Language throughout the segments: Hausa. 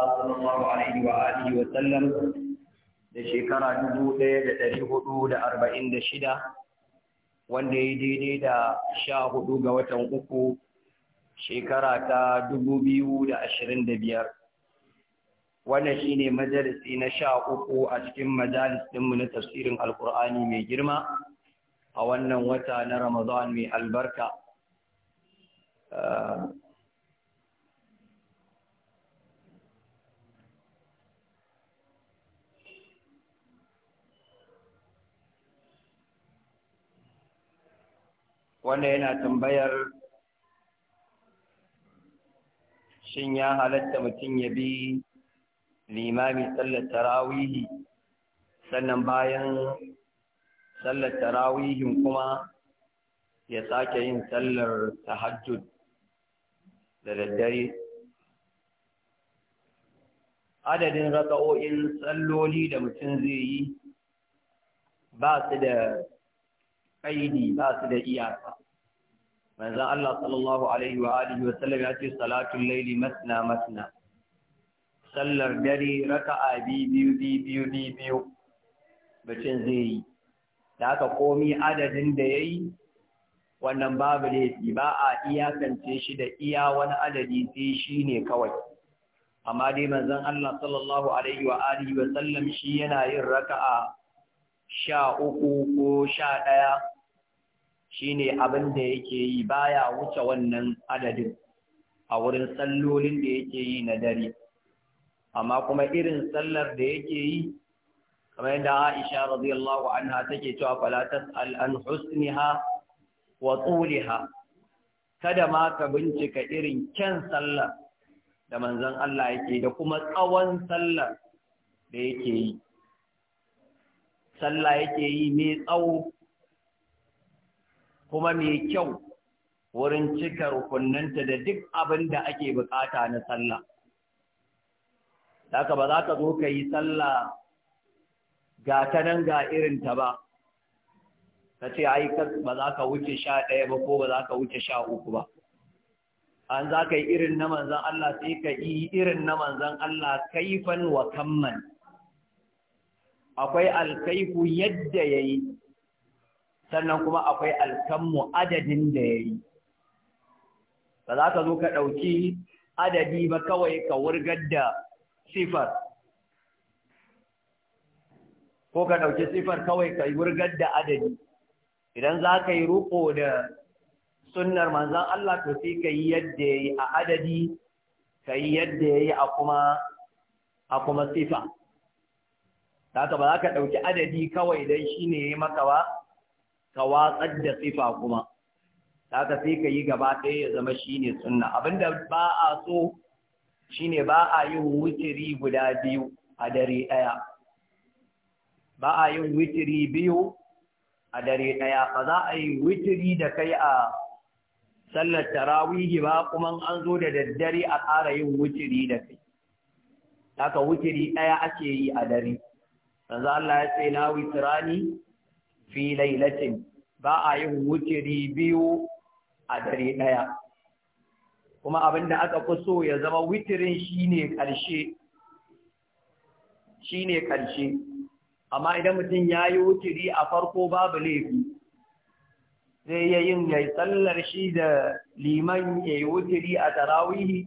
Allah sallallahu alaihi wa alihi wa sallam da shekara 1446 wanda ya daidai da 14 ga watan uku shekara ta 2025 wannan shine majalisi na 13 a cikin majalis ɗinmu na tafsirin alkur'ani mai girma a wannan wata na Ramadan mai albarka ah, wanda yana tambayar shin ya halatta mutum ya bi limami sallar tarawihi sannan bayan sallar tarawihin kuma ya sake yin sallar tahajjud da daddare adadin raka'o'in salloli da mutum zai yi ba su da kaidi ba su da iyaka manzon Allah sallallahu alaihi wa alihi wa sallam ya ce salatul laili masna masna sallar dare raka'a biyu biyu biyu biyu bacin zai yi da aka komi adadin da ya yi wannan babu laifi ba a iyakance shi da iya wani adadi sai shi ne kawai amma dai manzon Allah sallallahu alaihi wa alihi wa sallam shi yana yin raka'a sha uku ko sha ɗaya shine abin da yake yi baya wuce wannan adadin a wurin sallolin da yake yi na dare amma kuma irin sallar da yake yi kamar yadda Aisha radiyallahu anha take cewa fala tas'al an husniha wa tuliha kada ma ka bincika irin kyan sallar da manzon Allah yake da kuma tsawon sallar da yake yi sallah yake yi mai tsawo kuma mai kyau wurin cika rukunnanta da duk abin da ake bukata na sallah. Daka ba za ka zo ka yi sallah ga ta nan ga irinta ba, ka ce ai ba za ka wuce sha ɗaya ba ko ba za ka wuce sha uku ba. An za ka yi irin na manzan Allah sai ka yi irin na manzan Allah kaifan wa kamman. Akwai alkaifu yadda ya yi, sannan kuma akwai alkammu adadin da ya yi ba za ka zo ka ɗauki adadi ba kawai ka wurgar da sifar ko ka ɗauki sifar kawai ka wurgar da adadi idan za ka yi roƙo da sunnar manzan Allah to sai ka yi yadda ya yi a adadi ka yi yadda ya yi a kuma sifa. ba za ka ɗauki adadi kawai don shi ne ya yi maka ba, ka watsar da sifa kuma ka sai ka yi gaba ɗaya ya zama shi ne sunna abinda ba a so shine ba a yin wutiri guda biyu a dare ɗaya ba a yin wutiri biyu a dare ɗaya ba za a yi wutiri da kai a sallar tarawihi ba kuma an zo da daddare a ƙara yin wutiri da kai ka wutiri ɗaya ake yi a dare manzo Allah ya ce na witrani fi lailatin ba a yin wutiri biyu a dare ɗaya kuma abin da aka fi so ya zama witirin shine ƙarshe shine ƙarshe amma idan mutum ya yi wuturi a farko babu laifi zai yi yin ya tsallar shi da liman ya yi wuturi a tarawihi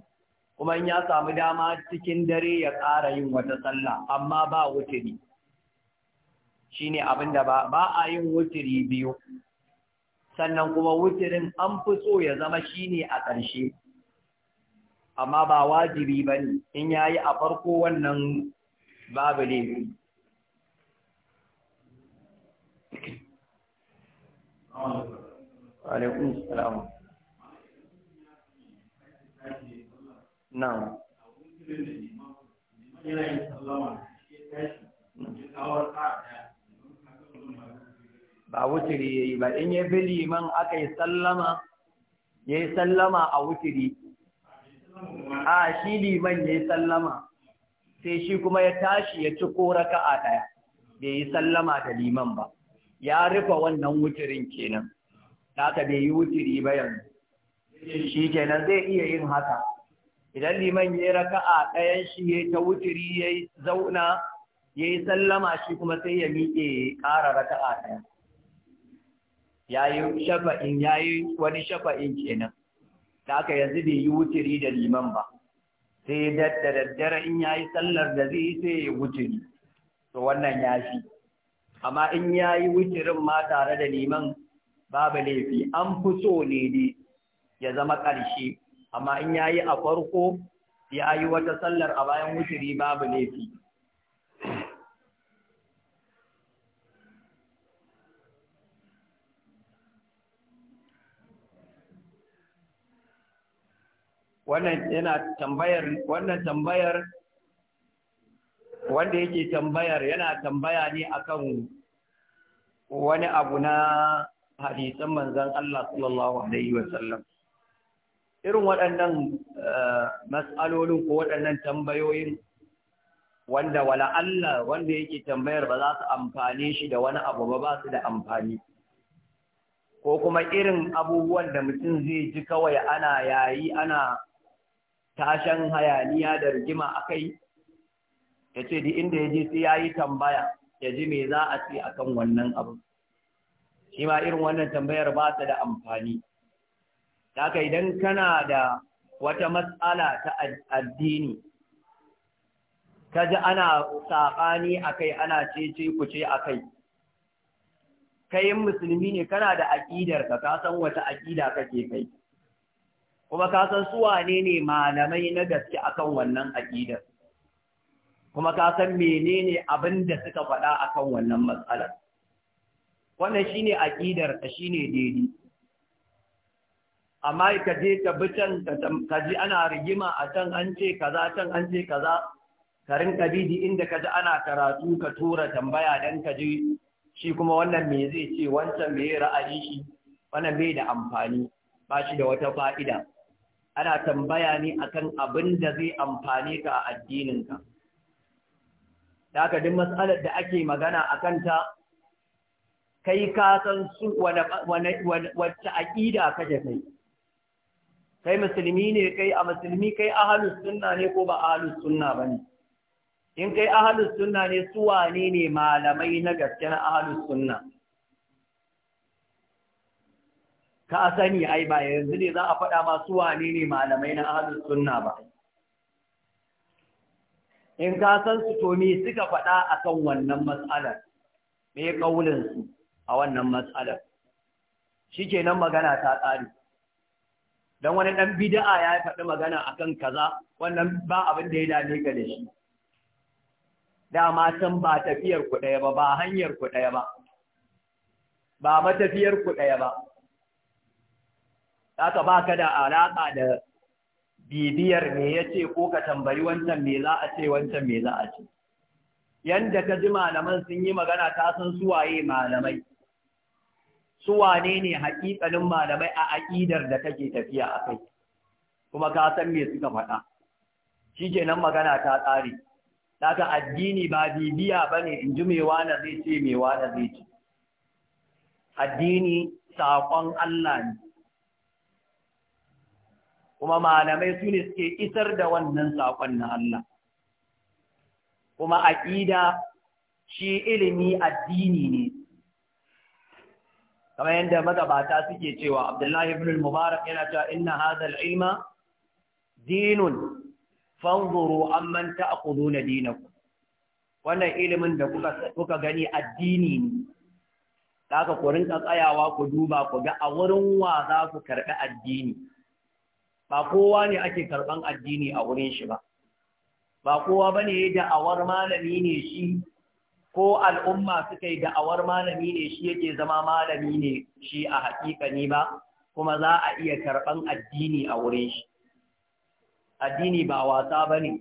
kuma ya samu dama cikin dare ya ƙara yin wata sallah amma ba wuturi. shine abin da ba a yin wutiri biyu sannan kuma wutirin an fi so ya zama shine a ƙarshe amma ba wajibi ba ne in ya yi a farko wannan babu laifi nan yana yin sallama shi tashi kawar ba wuturi ya yi ba in ya fi liman aka yi sallama ya yi sallama a wuturi a shi liman ya yi sallama sai shi kuma ya tashi ya ci koraka a ɗaya bai yi sallama da liman ba ya rufe wannan wuturin kenan naka bai yi wuturi ba yanzu shi kenan zai iya yin haka idan liman ya yi raka a ɗayan shi ya ta wuturi ya zauna ya yi sallama shi kuma sai ya miƙe ƙara raka'a ɗaya ya yi shafa'in ya yi wani shafa'in kenan da aka yanzu bai yi wuturi da liman ba sai da daddare in ya yi sallar da zai sai ya wuturi to wannan ya fi amma in ya yi wuturin ma tare da liman babu laifi an fi so ne dai ya zama ƙarshe amma in ya yi a farko ya yi wata sallar a bayan wuturi babu laifi wannan yana tambayar wannan tambayar wanda yake tambayar yana tambaya ne akan wani abu na hadisan manzon Allah sallallahu alaihi sallam irin waɗannan eh, mas'alolin ko waɗannan tambayoyin wanda wala Allah wanda yake tambayar ba za su amfane shi da wani abu ba ba su da amfani ko kuma irin abubuwan da mutum zai ji kawai ana yayi ana Tashen hayaniya da rigima a kai ya ce di inda ya ji sai ya yi tambaya ya ji me za a ce akan wannan abu shi ma irin wannan tambayar ba ta da amfani haka idan kana da wata matsala ta addini Ka ji ana saɓani a kai ana cece kuce a kai kayan musulmi ne kana da aƙidarka ka san wata aƙida kake kai kuma ka san su wane ne malamai na gaske akan wannan aqidar kuma ka san menene abin da suka faɗa akan wannan matsalar wannan shine aqidar ta shine daidai amma ka je ka bi ka ji ana rigima a can an ce kaza can an ce kaza ka rinka inda ka ji ana karatu ka tura tambaya dan ka ji shi kuma wannan me zai ce wancan me ra'ayi shi wannan bai da amfani ba shi da wata fa'ida ana tambaya ne akan abin da zai amfane ka a addininka da duk matsalar da ake magana a kanta kai ka san su wacce aƙida kake kai kai musulmi ne kai a musulmi kai ahalus sunna ne ko ba ahalus sunna bane in kai ahalus sunna ne su wane ne malamai na gaske na ahalus sunna ka sani ai ba yanzu ne za a faɗa masu wane ne malamai na ahalus sunna ba in ka san su to me suka faɗa akan wannan mas'alar me kaulin su a wannan mas'alar shikenan magana ta tsari dan wani ɗan bid'a ya faɗi magana akan kaza wannan ba abin da ya dame ka da shi dama san ba tafiyar ku ɗaya ba ba hanyar ku ɗaya ba ba matafiyar ku ɗaya ba haka ba ka da alaƙa da bibiyar me ya ce ko ka tambari wancan me za a ce wancan me za a ce yanda ka ji malaman sun yi magana ta san suwaye malamai suwane ne haƙiƙanin malamai a aƙidar da kake tafiya a kai kuma ka san me suka faɗa shi kenan magana ta tsare daga addini ba bibiya ba ne in ji mewa na zai ce mewa na zai ce addini saƙon Allah ne kuma malamai su ne suke isar da wannan saƙon na Allah kuma aƙida shi ilimi addini ne kamar yadda magabata suke cewa abdullahi ibn mubarak yana cewa inna hazal ilma dinun fanzuru amman ta'khuduna dinakum wannan ilimin da kuka kuka gani addini ne haka ku rinka tsayawa ku duba ku ga a wurin wa za ku karɓi addini ba kowa ne ake karɓan addini a wurin shi ba ba kowa ba ne da'awar malami ne shi ko al'umma suka yi da'awar malami ne shi yake zama malami ne shi a haƙiƙani ba kuma za a iya karɓan addini a wurin shi addini ba wasa ba ne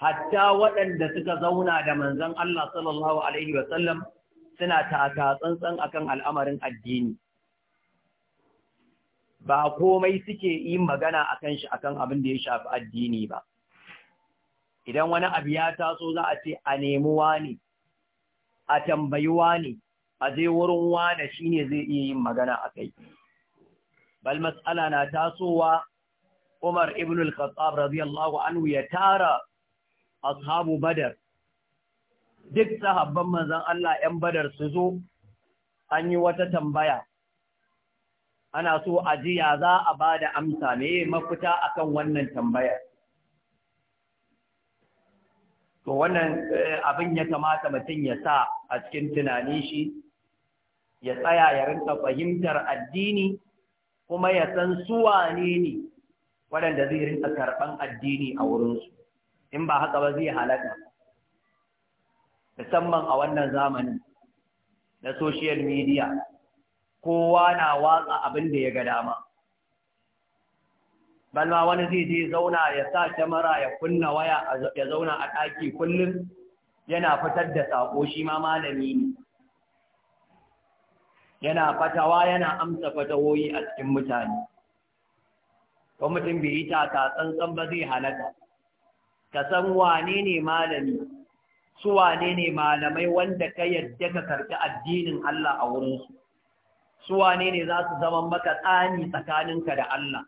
hatta waɗanda suka zauna da manzon Allah sallallahu Alaihi wasallam suna taka tsantsan akan al'amarin addini. ba komai suke yi magana akan shi akan abin da ya shafi addini ba idan wani abu ya taso za a ce a nemi wani a tambayi wani a zai wurin shi ne zai iya yin magana a kai bal mas'ala na tasowa Umar ibn al-Khattab radiyallahu anhu ya tara ashabu Badar duk sahabban Manzan Allah 'yan Badar su zo an yi wata tambaya ana so a jiya za a ba da amsa ne mafita a kan wannan tambaya to wannan eh, abin ya kamata mutum ya sa a cikin tunani shi ya tsaya ya rinka fahimtar addini kuma ya san suwa ne ne waɗanda zai rinka karɓan addini a wurinsu in ba haka ba zai halaka musamman a wannan zamanin na social media kowa na watsa abin da ya ga dama balma wani zai je zauna ya sa kyamara ya kunna waya ya zauna a ɗaki kullum yana fitar da saƙo shi ma malami ne yana fatawa yana amsa fatawoyi a cikin mutane ko mutum bai yi taka tsantsan ba zai halata. ka san wane ne malami su wane ne malamai wanda ka yadda ka karɓi addinin Allah a wurinsu su wane ne za su zama maka tsani tsakaninka da Allah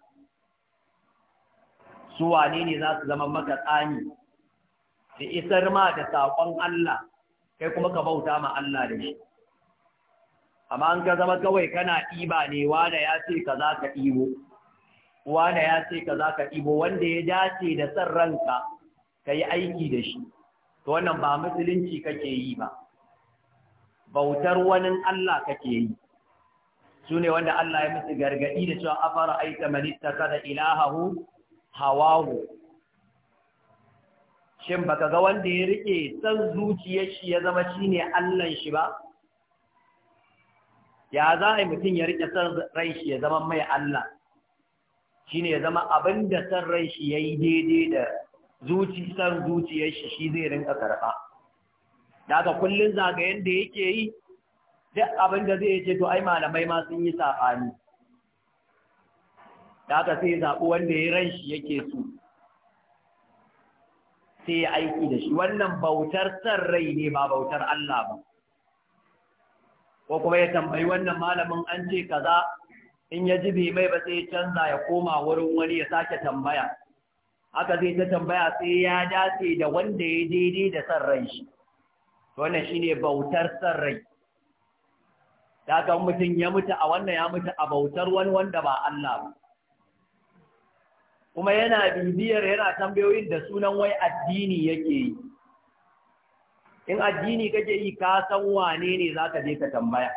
su wane ne za su zama maka tsani da isar ma da saƙon Allah kai kuma ka bauta ma Allah da shi amma an ka zama kawai kana ɗiba ne wane ya ce ka za ka ɗibo wane ya ce ka za ka ɗibo wanda ya dace da san ranka ka yi aiki da shi to wannan ba musulunci kake yi ba bautar wani Allah kake yi su ne wanda Allah ya musu gargaɗi da cewa afara aita manista kada ilahahu hawahu shin baka ga wanda ya rike san zuciyar shi ya zama shine allon shi ba ya za a yi mutum ya rike san rai shi ya zama mai Allah shine ya zama abin da san rai shi ya yi daidai da zuci san zuciyar shi shi zai rinka karɓa daga kullun zagayen da yake yi duk abin da zai ce to ai malamai ma sun yi saɓani da haka sai zaɓi wanda ya ran shi yake so sai ya aiki da shi wannan bautar san rai ne ba bautar Allah ba ko kuma ya tambayi wannan malamin an ce kaza in ya ji bai mai ba sai ya canza ya koma wurin wani ya sake tambaya haka zai ta tambaya sai ya dace da wanda ya daidai da san rai shi wannan shine bautar san rai da ga mutum ya mutu a wannan ya mutu a bautar wani wanda ba Allah ba kuma yana bibiyar yana tambayoyin da sunan wai addini yake yi in addini kake yi ka san wane ne zaka je ka tambaya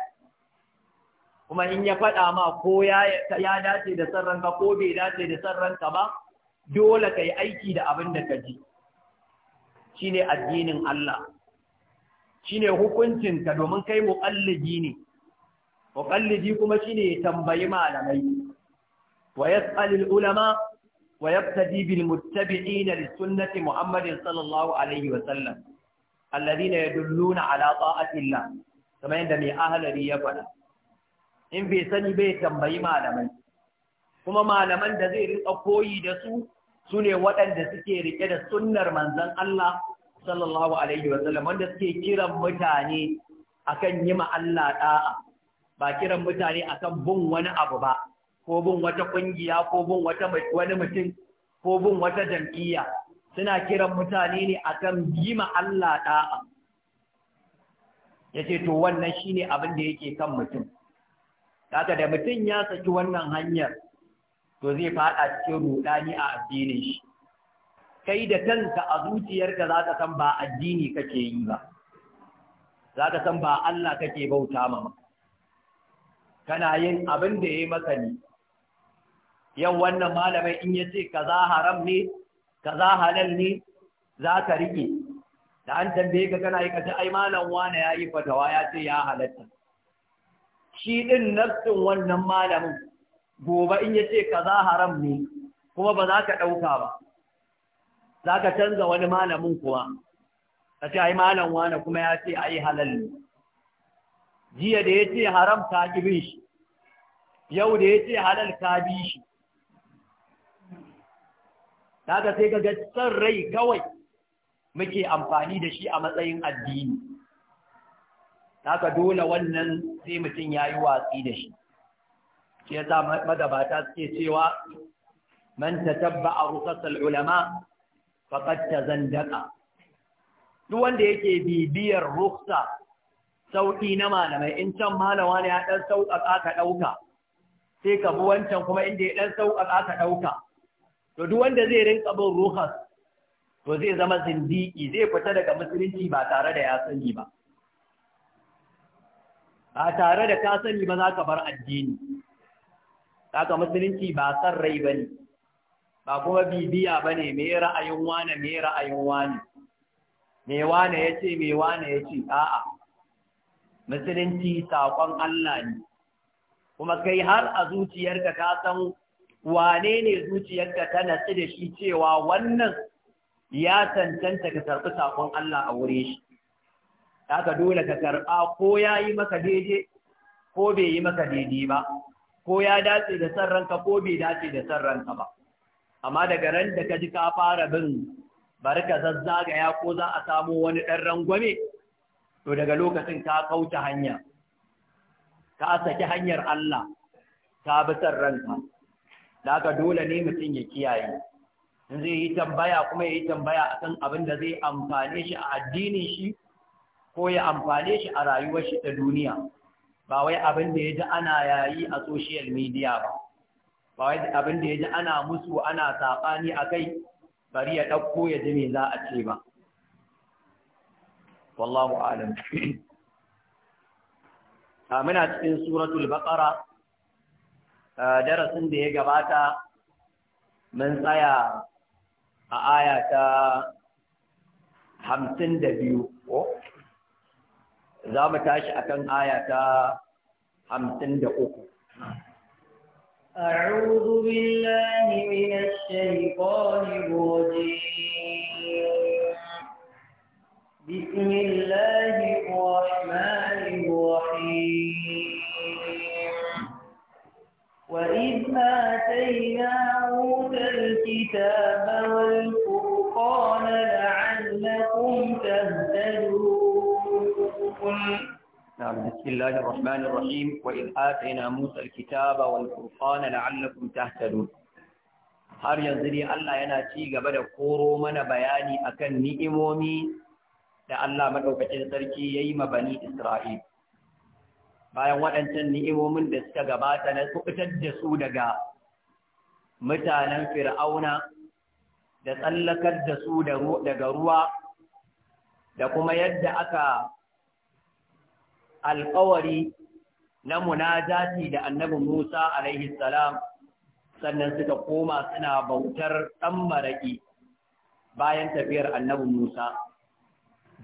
kuma in ya faɗa ma ko ya dace da san ranka ko bai dace da san ranka ba dole ka yi aiki da abin da ka ji shine addinin Allah shine hukuncinka domin kai muƙalliji ne muqallidi kuma shine tambayi malamai wa ulama wa yabtadi bil muttabi'ina li sunnati Muhammadin sallallahu alaihi wa sallam alladhina alaƙa ala kamar yadda mai ahalari ya faɗa in bai sani bai tambayi malamai kuma malaman da zai rika koyi da su su ne waɗanda suke rike da sunnar manzon Allah sallallahu alaihi wa sallam wanda suke kiran mutane akan yi ma Allah ɗa'a. ba kiran mutane akan bin wani abu ba ko bin wata ƙungiya, ko bin wani mutum ko bin wata jam'iyya suna kiran mutane ne akan bima Allah Ya yace to wannan shi ne abin da yake kan mutum Kaka da mutum ya saki wannan hanyar to zai faɗa cikin rudani a addinin shi kai da kanka a zuciyarka za ka san ba addini kake yi ba za ka san ba Allah kake bauta ma kana yin abin da ya yi maka ne yau wannan malamai in ya ce za haram ne za halal ne za ka riƙe da an tambaye ka kana yi ka ai malam wane ya yi fatawa ya ce ya halatta shi ɗin nafsin wannan malamin gobe in ya ce za haram ne kuma ba za ka ɗauka ba za ka canza wani malamin kuma ka ce ai malam wane kuma ya ce ai halal ne jiya da ya ce haram ta ƙibin shi yau da ya ce halal ka bi shi daga sai ga san rai kawai muke amfani da shi a matsayin addini daga dole wannan sai mutum ya yi watsi da shi ke za magabata suke cewa man ta tabba a rukasar ulama zan zandaka duk wanda yake bibiyar ruksa sauƙi na malamai in can malama ne ya ɗan sauƙaƙa ka ɗauka sai ka bi wancan kuma inda ya ɗan sauƙaƙa ka ɗauka to duk wanda zai rinka bin ruhas to zai zama zindiki zai fita daga musulunci ba tare da ya sani ba ba tare da ka sani ba za ka bar addini kaka musulunci ba san rai ba ne ba kuma bibiya ba ne mai ra'ayin wane mai ra'ayin wane mai wane ya ce mai wane ya ce a'a musulunci saƙon Allah ne kuma kai har a zuciyarka ka san wane ne zuciyarka ta natsu da shi cewa wannan ya cancanta ka karɓi saƙon Allah a wuri shi ka dole ka karɓa ko ya yi maka daidai ko bai yi maka daidai ba ko ya dace da san ranka ko bai dace da san ranka ba amma daga ran da ka ji ka fara bin barka zazzagaya ko za a samu wani ɗan rangwame to daga lokacin ka kauta hanya ka saki hanyar Allah ka bi ranka da haka dole ne mutum ya kiyaye in zai yi tambaya kuma ya yi tambaya akan abin da zai amfane shi a addinin shi ko ya amfane shi a rayuwar shi ta duniya ba wai abin da ya ji ana yayi a social media ba ba wai abin da ya ji ana musu ana saɓani a kai bari ya ɗauko ya ji me za a ce ba wallahu alam ah, muna cikin suratul baqara ah, darasin da ya gabata mun tsaya a aya ta hamsin da biyu za mu tashi akan aya ta hamsin da uku أعوذ بالله من الشيطان الرجيم بسم الله الرحمن الرحيم وإذ آتينا موسى الكتاب والفرقان لعلكم تهتدون har yanzu ne Allah yana ci gaba da koro mana bayani akan ni'imomi da Allah maɗaukacin sarki yayi ma bani Isra'il bayan waɗancan ni'imomin da suka gabata na kubutar da su daga mutanen Fir'auna da tsallakar da su daga ruwa da kuma yadda aka alƙawari na munajati da annabi Musa alaihi salam sannan suka koma suna bautar ɗan maraƙi bayan tafiyar annabi Musa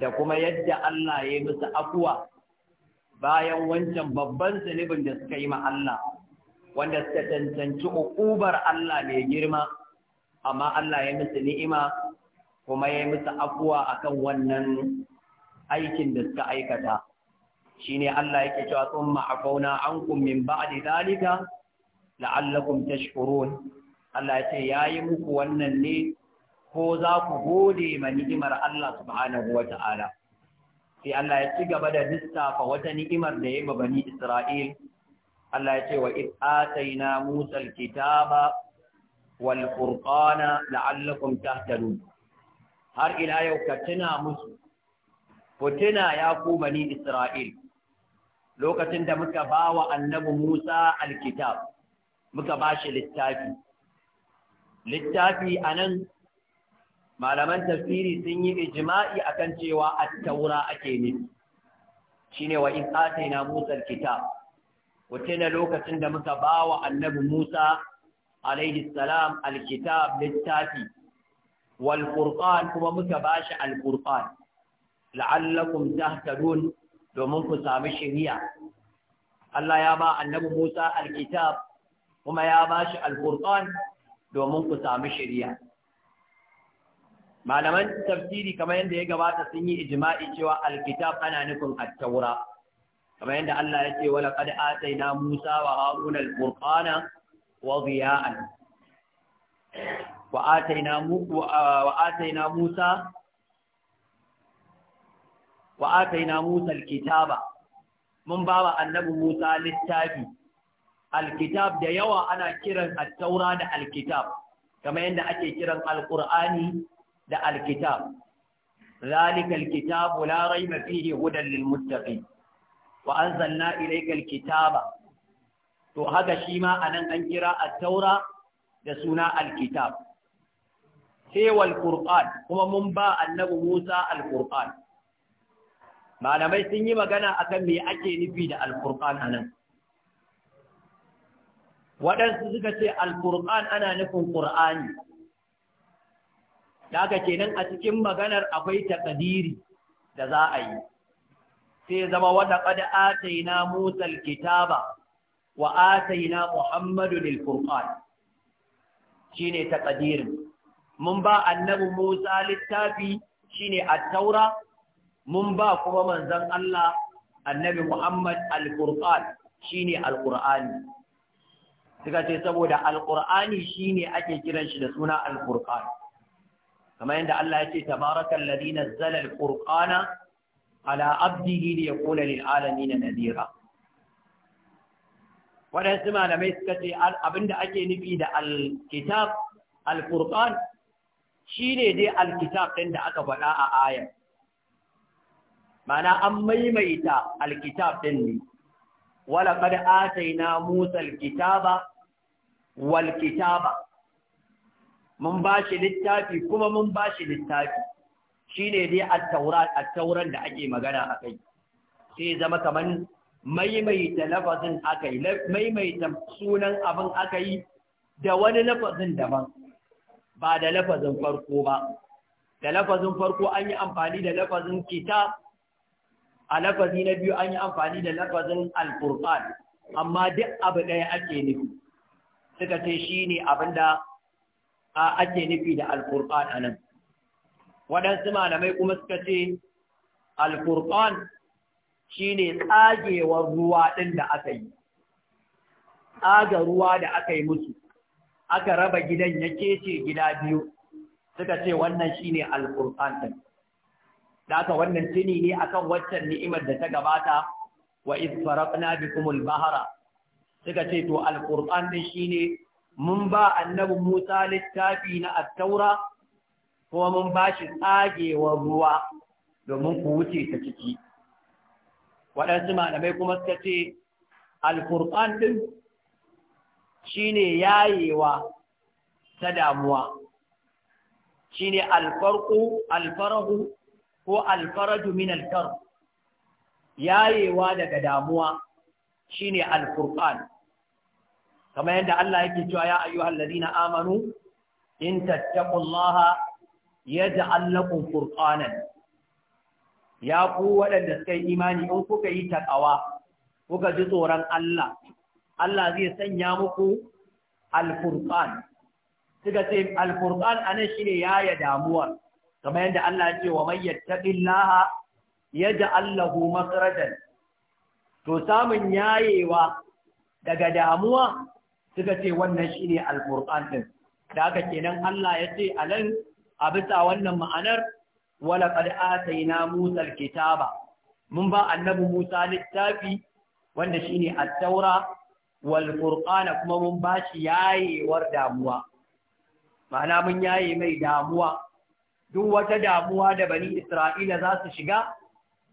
da kuma yadda Allah ya yi musu afuwa bayan wancan babban zunubin da suka yi ma Allah wanda suka cancanci uƙubar Allah mai girma amma Allah ya yi musu ni'ima kuma ya yi musu afuwa akan wannan aikin da suka aikata shine Allah yake cewa thumma afauna ankum min ba'di dhalika la'allakum tashkurun Allah ya ce yayi muku wannan ne ko za ku gode ma ni'imar Allah subhanahu wa ta'ala sai Allah ya ci gaba da lissafa wata ni'imar da ya bani Isra'il Allah ya ce wa in ataina Musa alkitaba kitaba wal furqana la'allakum tahtadun har ila yau ka tuna musu Ko tuna ya ku bani Isra'il lokacin da muka ba wa annabi Musa alkitab muka ba shi littafi littafi nan? malaman tafsiri sun yi a akan cewa Attaura taura ake nufi ne wa in na Musa alkitab wace ne lokacin da muka ba wa annabi Musa alaihi salam alkitab littafi wal kuma muka ba shi al-qur'an la'allakum tahtadun domin ku sami shari'a Allah ya ba annabi Musa alkitab kuma ya ba shi alqur'an domin ku sami shari'a malaman tafsiri kamar yadda ya gabata sun yi ijima'i cewa alkitab ana nufin attaura. taura kamar yadda Allah ya ce wala qad na Musa wa Harun alqur'ana wa dhiya'an wa na Musa wa ataina Musa alkitaba mun bawa annabi Musa littafi alkitab da yawa ana kiran at-taura da alkitab kamar yadda ake kiran alqur'ani da alkitab zalika alkitabu la rayba fihi hudan lil muttaqin wa anzalna ilayka to haka shi ma anan an kira at-taura da suna alkitab sai wal qur'an kuma mun ba annabi Musa alqur'an malamai sun yi magana akan me ake nufi da alfurqan anan waɗansu suka ce Alkur'an ana nufin qur'ani daga kenan a cikin maganar akwai taqdiri da za a yi sai zama wata qad ataina musa alkitaba wa ataina muhammadu lilfurqan shine taqdirin mun ba annabi musa littafi shine at-taura mun ba kuma manzon Allah annabi Muhammad al-Qur'an shine al-Qur'ani suka ce saboda al-Qur'ani shine ake kiran shi da suna al-Qur'an kamar yadda Allah ya ce tabarakal ladhi nazzala al-Qur'ana ala abdihi liyakuna lil nadira waɗansu malamai suka ce abinda ake nufi da kitab Alkur'an shi ne dai alkitab ɗin da aka faɗa a ayar ma'ana an maimaita alkitab ɗin ne wala qad atayna musa alkitaba wal kitaba mun bashi littafi kuma mun shi littafi shine dai a tauran da ake magana kai. sai zama kamar maimaita lafazin maimaita sunan abin yi, da wani lafazin daban ba da lafazin farko ba da lafazin farko an yi amfani da lafazin kitab a lafazi na biyu an yi amfani da lafazin alfurfan amma duk abu ɗaya ake nufi suka ce shi ne abin da ake nufi da alfurfan a nan waɗansu malamai kuma suka ce alfurfan shi ne tsagewar ruwa ɗin da aka yi tsaga ruwa da aka yi musu aka raba gidan ya kece gida biyu suka ce wannan shi ne alfurfan ɗin da aka wannan tuni ne akan waccan ni'imar da ta gabata wa iz faraqna bikum bahra suka ce to al ɗin din shine mun ba annabi Musa littafi na at-taura kuma mun ba shi tsagewar ruwa domin ku wuce ta ciki waɗansu malamai kuma suka ce al din shine yayewa ta damuwa shine al alfarahu. ko alfaraju min alkar yayewa daga damuwa shine alfurqan kamar yadda Allah yake cewa ya ayyuhal ladina amanu in tattaqullaha yaj'al lakum furqanan ya ku waɗanda suka yi imani in kuka yi takawa kuka ji tsoron Allah Allah zai sanya muku alfurqan suka ce alfurqan anan shine yaya damuwar kamar yadda Allah ya ce wa Laha, ya ji allahu makhrajan to samun yayewa daga damuwa suka ce wannan shine ne din da haka kenan Allah ya ce alan a bisa wannan ma'anar wala qad na Musa al-kitaba. mun ba annabi Musa littafi wanda shine a taura wal kuma mun ba shi yayewar damuwa ma'ana mun yaye mai damuwa duk wata damuwa da bani Isra'ila za su shiga,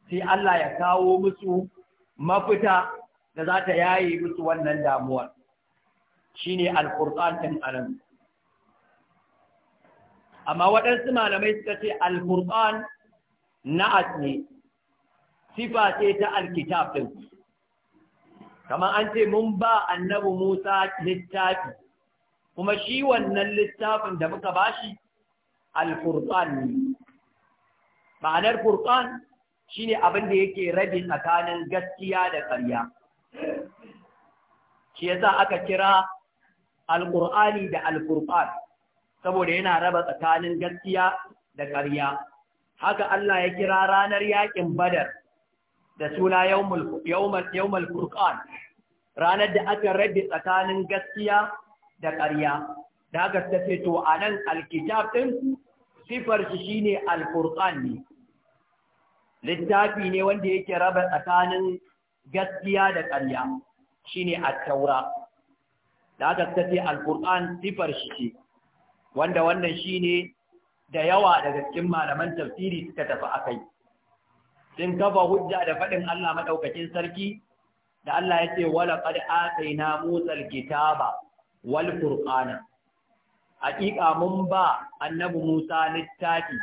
sai Allah ya kawo musu mafita da za ta yaye musu wannan damuwar. Shi ne al anan. Amma waɗansu malamai suka ce Al-Qur'an ne, sifa ce ta alkitab kitab Kamar an ce mun ba annabi Musa littafi, kuma shi wannan littafin da muka bashi al-furqan ma'anar furqan shine abin da yake rabi tsakanin gaskiya da ƙarya shi yasa aka kira al-qur'ani da al-furqan saboda yana raba tsakanin gaskiya da ƙarya haka Allah ya kira ranar yakin badar da suna yawmul yawmul furqan ranar da aka rabi tsakanin gaskiya da ƙarya da aka tafi to a nan alkitab ɗin sifar shi shi ne ne littafi ne wanda yake raba tsakanin gaskiya da ƙarya shi ne a taura da aka tafi Alkur'an sifar shi ce wanda wannan shi ne da yawa daga cikin malaman tafsiri suka tafi a kai sun kafa hujja da faɗin Allah maɗaukakin sarki da Allah ya ce wala qad atayna na al-kitaba wal furqana haƙiƙa mun ba annabi Musa littafi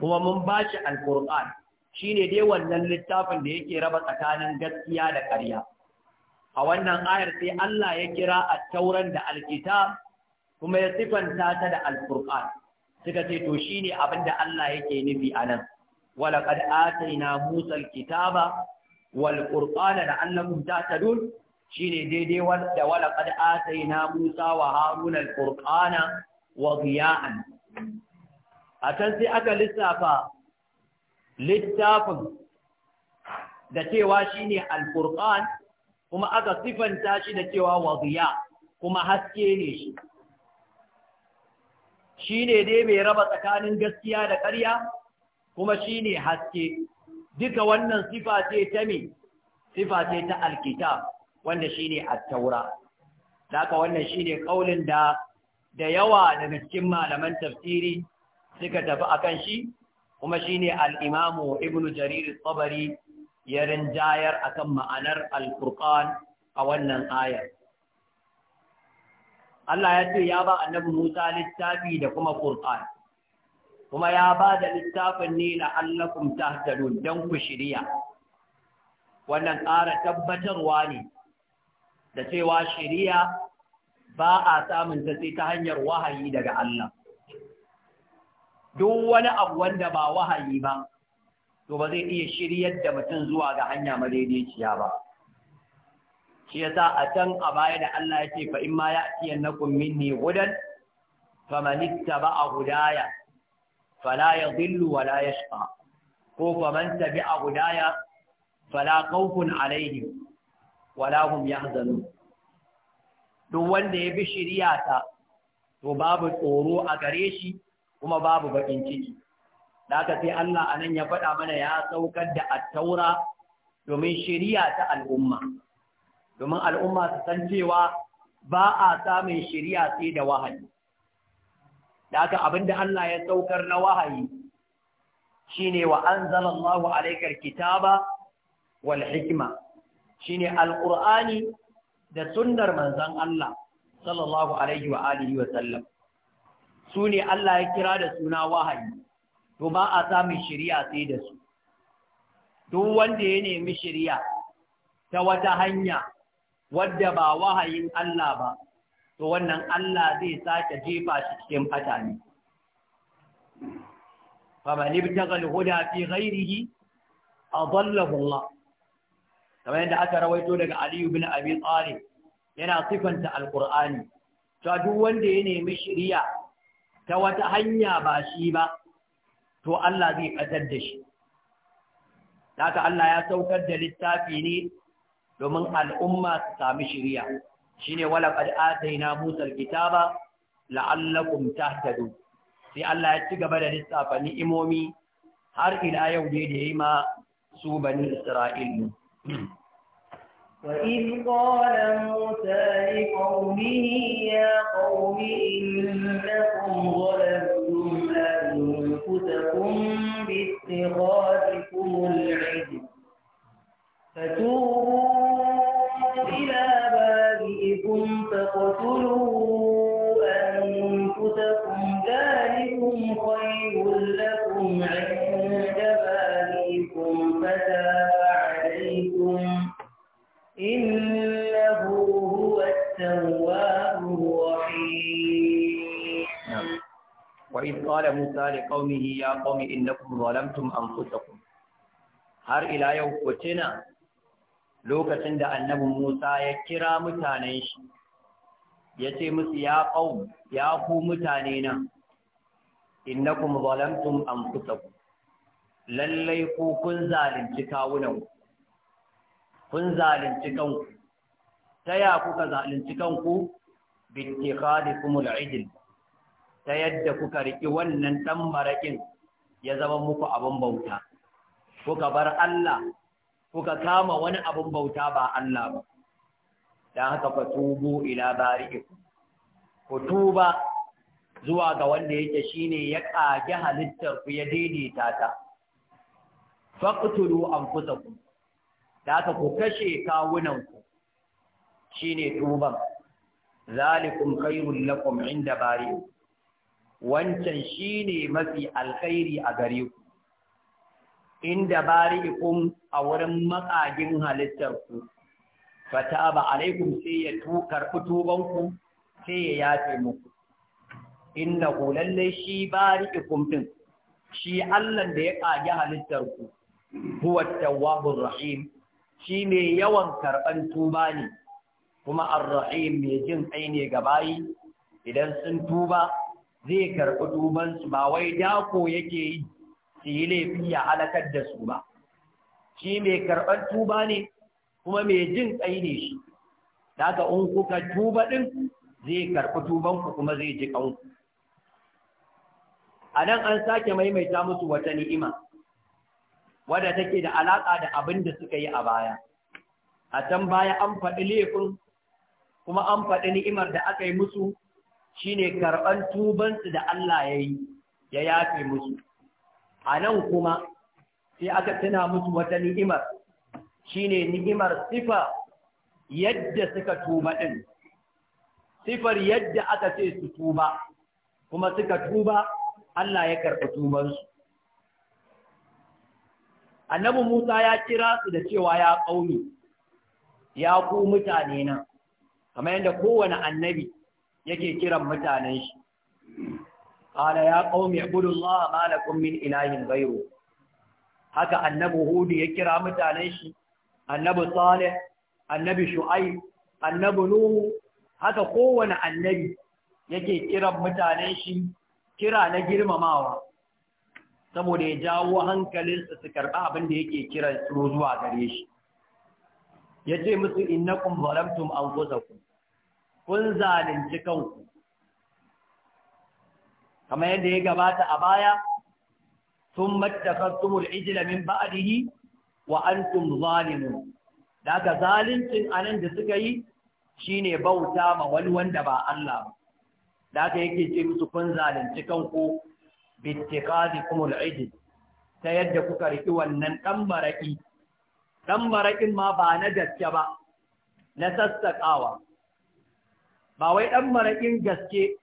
kuma mun ba shi alƙur'an shi ne dai wannan littafin da yake raba tsakanin gaskiya da ƙarya a wannan ayar sai Allah ya kira a tauran da alkitab kuma ya sifanta ta da Alkur'an. suka ce to shi ne abin da Allah yake nufi a nan walaƙad na Musa alkitaba wal qur'ana la'allakum tahtadun Shi ne daidai da wala qad na Musa wa Haruna al-Qur'ana wa dhiya'an a can sai aka lissafa littafin da cewa shine al-Qur'an kuma aka siffanta shi da cewa wa dhiya kuma haske ne shi shi ne dai mai raba tsakanin gaskiya da ƙarya kuma shi ne haske duka wannan siffa ce ta me siffa ce ta alkitab wanda shine at-taura haka wannan shine kaulin da da yawa daga cikin malaman tafsiri suka tafi akan shi kuma shine al-imamu ibnu jariri at ya rinjayar akan ma'anar Alkur'an a wannan ayar Allah ya ce ya ba annabi Musa littafi da kuma Qur'an kuma ya ba da littafin ne la'allakum tahtadun don ku shirya. wannan ƙara tabbatarwa ne da cewa shari'a ba a samun ta sai ta hanyar wahayi daga Allah duk wani abu wanda ba wahayi ba to ba zai iya shiryar da mutum zuwa ga hanya madaidaiciya ba shi yasa a can a baya da Allah ya ce fa in ma ya'tiyannakum minni hudan faman ittaba'a hudaya fala yadhillu wa la yashqa ko a gudaya fa la khawfun alaihim wala hum yahzanun duk wanda ya bi shari'a ta to babu tsoro a gare shi kuma babu bakin ciki da sai Allah anan ya faɗa mana ya saukar da at-taura domin shari'a ta al'umma domin al'umma su san cewa ba a samun shiriya sai da wahayi da abinda Allah ya saukar na wahayi shine wa anzalallahu alaykal kitaba wal hikma shine alqur'ani da sunnar manzon Allah sallallahu alaihi wa alihi wa sallam su ne Allah ya kira da suna wahayi to ba a samun shari'a sai da su duk wanda ya nemi shari'a ta wata hanya wadda ba wahayin Allah ba to wannan Allah zai sake jefa shi cikin fata ne faman ibtagal huda fi ghairihi adallahu Allah kamar yadda aka rawaito daga Aliyu bin Abi Talib yana sifanta alqur'ani to duk wanda ya nemi shiriya ta wata hanya ba shi ba to Allah zai katar da shi haka Allah ya saukar da littafi ne domin al'umma su sami shiriya shine wala qad ataina musal kitaba la'allakum tahtadun sai Allah ya ci gaba da lissafa ni'imomi har ila yau dai da yayi ma su bani Isra'il وإذ قال موسى لقومه يا قوم إنكم ظلمتم أنفسكم باتخاذكم العجل فتوبوا وإذ قال موسى لقومه يا قوم إنكم ظلمتم أنفسكم har ila yau ku tuna lokacin da Annabi Musa ya kira mutanen shi ya ce musu ya qaum ya ku mutane na innakum zalamtum anfusakum lallai ku kun zalunci kawunan kun zalunci kanku ta ya kuka zalunci kanku bi ittikhadikumul idl ta yadda kuka riƙi wannan ɗan maraƙin ya zama muku abin bauta kuka bar Allah kuka kama wani abin bauta ba Allah ba don haka ku tubu ila bari'ikum ku tuba zuwa ga wanda yake shine ya ƙage halittar ku ya daidaita ta faqtulu anfusakum da haka ku kashe kawunan ku shine tuban zalikum khairul lakum inda Bari'u. wancan shine mafi alkhairi a gare ku inda bari'ikum a wurin makagin halittar ku ba alaikum sai ya karɓi tubanku sai ya yafe muku inna ku lalle shi bari'ikum din shi Allah da ya kage halittar ku huwa tawwabur rahim shi ne yawan karɓan tuba ne kuma ar-rahim mai jin kai ne ga bayi idan sun tuba zai karɓi dubansu ba wai dako yake yi su yi laifi ya halakar da su ba shi mai karɓar tuba ne kuma mai jin tsayi ne shi da aka in kuka tuba ɗin zai karɓi tubanku kuma zai ji ƙanku a nan an sake maimaita musu wata ni'ima wadda take da alaƙa da abin da suka yi a baya a can baya an faɗi laifin kuma an faɗi ni'imar da aka yi musu Shi ne karɓar tubansu da Allah ya yi ya yafe musu a nan kuma sai aka tuna musu wata ni'imar shi ne ni'imar sifa yadda suka tuba ɗin sifar yadda aka ce su tuba kuma suka tuba Allah ya karɓi tubansu annabi Musa ya kira su da cewa ya ƙauni ya ku mutane nan kamar yadda kowane annabi yake kiran mutanen shi qala ya qaumi ibudullaha ma lakum min ilahin ghayru haka annabi hudu ya kira mutanen shi annabi salih annabi shu'aib annabi nuhu haka kowane annabi yake kiran mutanen shi kira na girmamawa saboda ya jawo hankalinsa su karɓi abin da yake kira su zuwa gare shi ya ce musu innakum zalamtum anfusakum kun zalunci kanku kamar yadda ya gabata a baya sun matakastumul ijila min ba'dihi wa antum zalimun daga zaluncin anan da suka yi shine bauta ma wani wanda ba Allah ba daga yake ce musu kun zalunci kanku bittiqadikumul ijil ta yadda kuka riki wannan Ɗan baraki dan barakin ma ba na gaske ba na sassaƙawa ba wai ɗan maraƙin gaske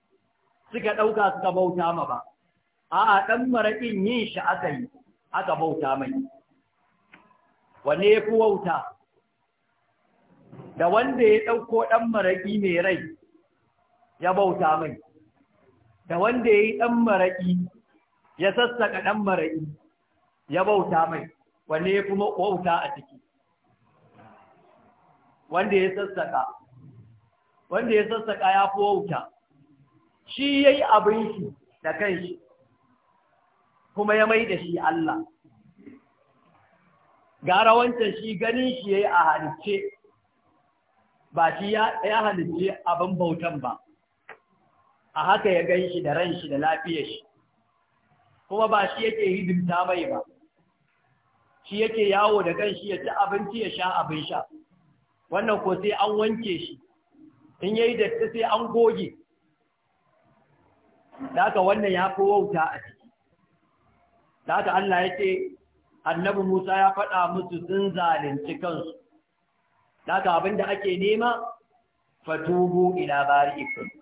suka ɗauka suka bauta ma ba, a'a ɗan maraƙin yin shi aka yi, aka bauta mai. Wane ya fi wauta, da wanda ya ɗauko ɗan maraƙi mai rai ya bauta mai, da wanda ya yi ɗan maraƙi ya sassaƙa ɗan maraƙi ya bauta mai, wane ya fi wauta a ciki, wanda ya sassaƙa. wanda ya sassaƙa ya fi wauta shi ya yi abin da kan shi kuma ya mai da shi Allah gara wancan shi ganin shi ya yi a halicce ba shi ya halicce abin bautan ba a haka ya gan shi da ran shi da lafiyar shi kuma ba shi yake hidimta mai ba shi yake yawo da kan shi ya ci abinci ya sha abin sha wannan ko sai an wanke shi in yayi datti sai an goge daga wannan ya fi wauta a ciki daga Allah ya ce annabi Musa ya faɗa musu sun zalunci kansu da abinda ake nema fatubu ila bari'ikum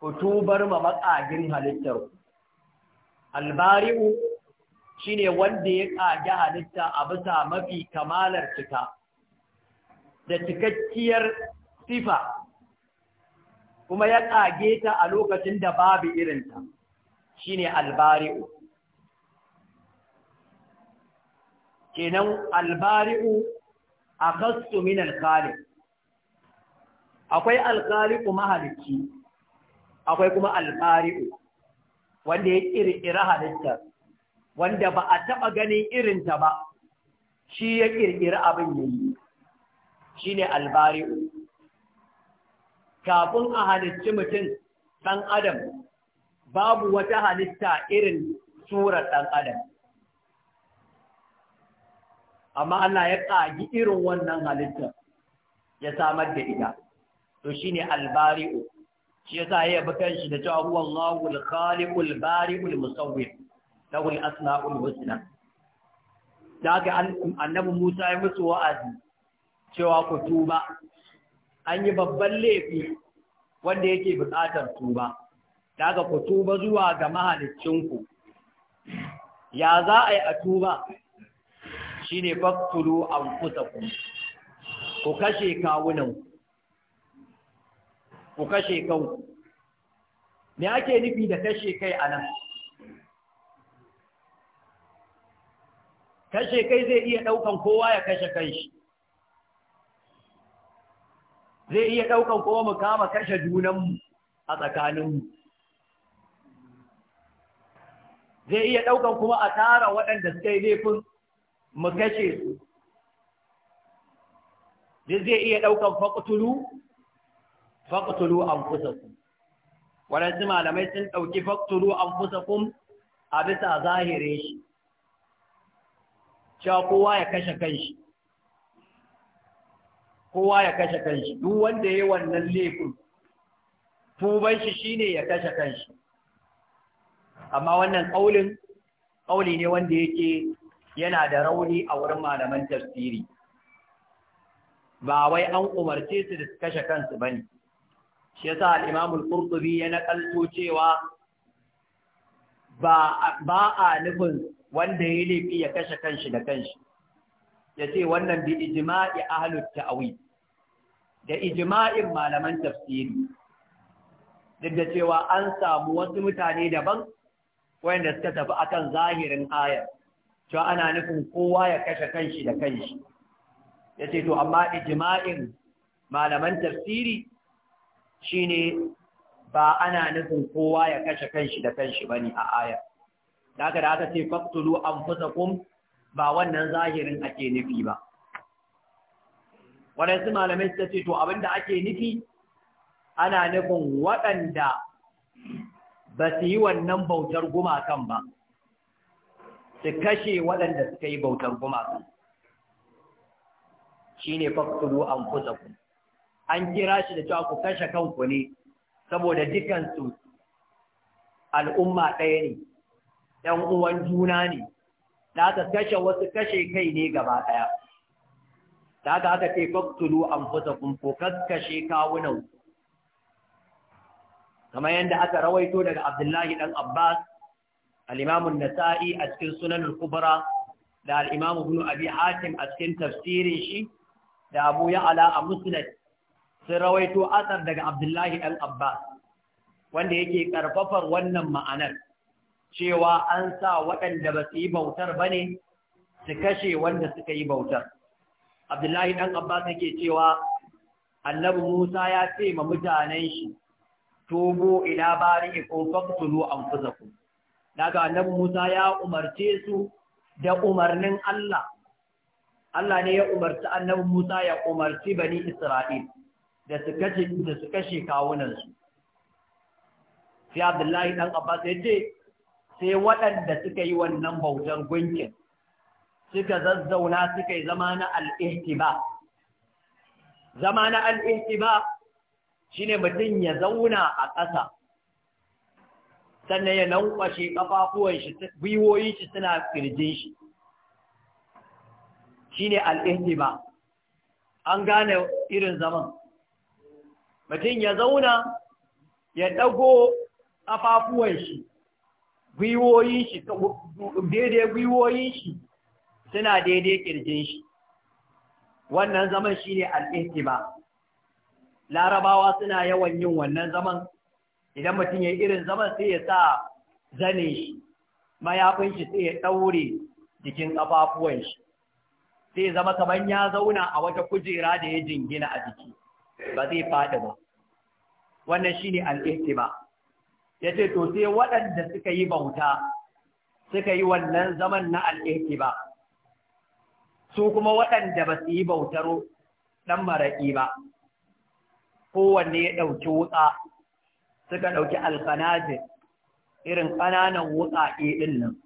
ku ma makagin halittar albari'u shine wanda ya kage halitta a bisa mafi kamalar cika da cikakkiyar sifa kuma ya tsage ta a lokacin da babu irinta shi ne albari'u kenan albari'u a kastu min alkali akwai alkali mahalicci, akwai kuma albari'u wanda ya ƙirƙira halittar wanda ba a taɓa ganin irinta ba shi ya ƙirƙira abin yayi shi ne albari'u kafin a halicci mutum ɗan adam babu wata halitta irin surar ɗan adam amma Allah ya ƙagi irin wannan halittar ya samar da ita to shine albari'u shi yasa ya bakan shi da cewa huwa Allahul khaliqul bari'ul musawwir lahul asma'ul husna daga Musa ya musu wa'azi cewa ku tuba an yi babban laifi wanda yake buƙatar tuba daga ku tuba zuwa ga mahalicinku ya za a yi a tuba shi ne faktulu an kusa ku ku kashe kawunan ku kashe kanku me ake nufi da kashe kai a nan kashe kai zai iya ɗaukan kowa ya kashe kanshi zai iya ɗaukan kuma mu kama kashe junanmu a tsakaninmu zai iya ɗaukan kuma a tara waɗanda suka yi laifin mu kashe su zai iya ɗaukan faƙutulu faƙutulu an kusa ku waɗansu malamai sun ɗauki fakturu an kusa kun a bisa zahire shi, cewa kowa ya kashe kan shi. kowa ya kashe kanshi duk wanda ya yi wannan laifin tuban shi shine ya kashe kanshi amma wannan kaulin kauli ne wanda yake yana da rauni a wurin malaman tafsiri ba wai an umarce su da kashe kansu bane shi yasa al-Imam al-Qurtubi ya nakalto cewa ba a nufin wanda ya laifi ya kashe kanshi da kanshi Ya ce wannan bi ijma'i ahlut ta'wil da ijima'in malaman tafsiri duk da cewa an samu wasu mutane daban wanda suka tafi akan zahirin ayar cewa ana nufin kowa ya kashe kanshi da kanshi ya ce to amma ijima'in malaman tafsiri shine ba ana nufin kowa ya kashe kanshi da kanshi bane a ayar daga da aka ce faktulu anfusakum ba wannan zahirin ake nufi ba waɗansu malamai suka ce to abinda ake nufi ana nufin waɗanda ba su yi wannan bautar gumakan ba su kashe waɗanda suka yi bautar gumakan shi ne faktulu an kusa ku an kira shi da cewa ku kashe kanku ne saboda dukansu al'umma ɗaya ne ‘yan uwan juna ne da ta kashe wasu kashe kai ne gaba ɗaya’ da haka aka ce faktulu an fusa ko kakkashe kawunan kamar yadda aka rawaito daga abdullahi dan abbas al'imamun nasa'i a cikin sunan kubra da al'imamu bin abi hatim a cikin tafsirin shi da abu ya ala a musnad sun rawaito asar daga abdullahi dan abbas wanda yake karfafar wannan ma'anar cewa an sa waɗanda ba su yi bautar ba ne su kashe wanda suka yi bautar Abdullahi ɗan Abbas yake cewa annabi Musa ya ce ma mutanen shi tobo ila bari ikum faqtulu anfusakum daga annabi Musa ya umarce su da umarnin Allah Allah ne ya umarci annabi Musa ya umarci bani Isra'il da su kashe da su kashe kawunansu sai Abdullahi ɗan Abbas ya ce sai waɗanda suka yi wannan bautar gunkin suka zazzauna suka yi zama na al'ihtiba. Zama na al'ihtiba shi ne mutum ya zauna a ƙasa, sannan ya nankwashe ƙafafuwan shi, gwiwoyin shi suna ƙirjin shi. Shi ne al'ihtiba. An gane irin zaman. Mutum ya zauna ya ɗago ƙafafuwan shi, gwiwoyin shi, daidai gwiwoyin shi, suna daidai kirjin shi wannan zaman shine ne al’intima larabawa suna yawan yin wannan zaman idan mutum ya irin zaman sai ya sa zane shi mayafin shi sai ya ɗaure jikin ƙafafuwan shi sai zama kamar ya zauna a wata kujera da ya jingina a jiki ba zai faɗi ba wannan shi ne al’intima ya yace to sai waɗanda suka yi bauta suka yi wannan zaman na al’intima ba. su kuma waɗanda ba su yi bautar ɗan maraƙi ba kowanne ya ɗauki wuƙa suka ɗauki alfanajin irin ƙananan wuƙaƙe ɗin nan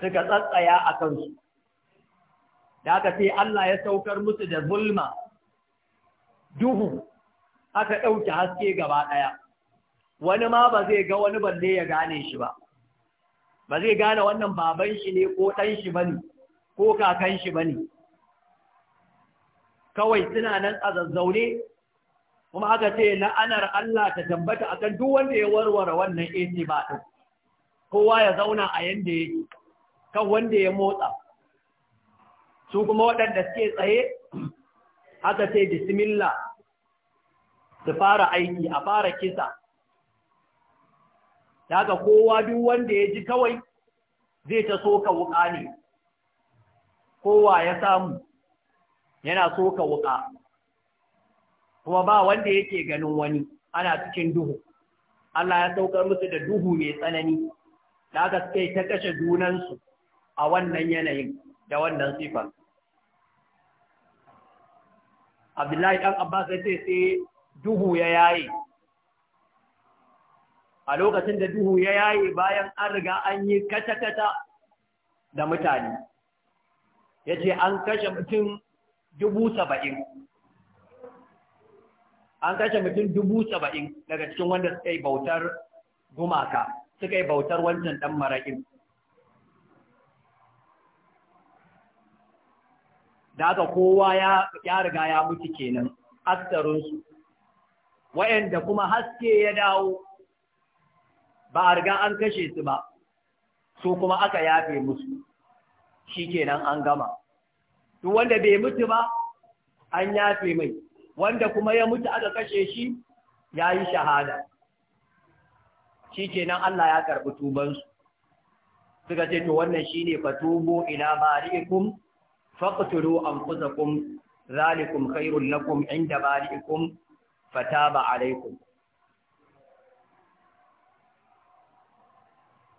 suka tsatsaya a kansu da aka sai Allah ya saukar musu da zulma duhu aka ɗauki haske gaba ɗaya wani ma ba zai ga wani balle ya gane shi ba ba zai gane wannan baban shi ne ko ɗan shi ba ne ko kakan shi bane kawai suna nan a zazzaune kuma aka ce la'anar Allah ta tambata akan duk wanda ya warware wannan AC ba ɗin kowa ya zauna a yanda yake kan wanda ya motsa su kuma waɗanda suke tsaye aka ce bismillah su fara aiki a fara kisa daga kowa duk wanda ya ji kawai zai ta soka wuƙa ne kowa ya samu yana so ka wuka kuma ba wanda yake ganin wani ana cikin duhu Allah ya saukar musu da duhu mai tsanani da aka sai ta kashe junansu a wannan yanayin da wannan sifa Abdullahi ɗan Abbas ya ce sai duhu ya yaye a lokacin da duhu ya yaye bayan an riga an yi kata-kata da mutane ya ce an kashe mutum dubu saba'in an kashe mutum dubu saba'in daga cikin wanda suka yi bautar gumaka suka yi bautar wancan ɗan maraƙin da aka kowa ya riga ya mutu kenan aksarinsu wa'yanda kuma haske ya dawo ba a riga an kashe su ba su kuma aka yafe musu shikenan an gama duk wanda bai mutu ba an yafe mai wanda kuma ya mutu aka kashe shi ya yi shahada shikenan Allah ya karɓi tubansu suka ce to wannan shine fatubu ina bari'ikum faqtulu kum zalikum khairul lakum inda bari'ikum fataba alaikum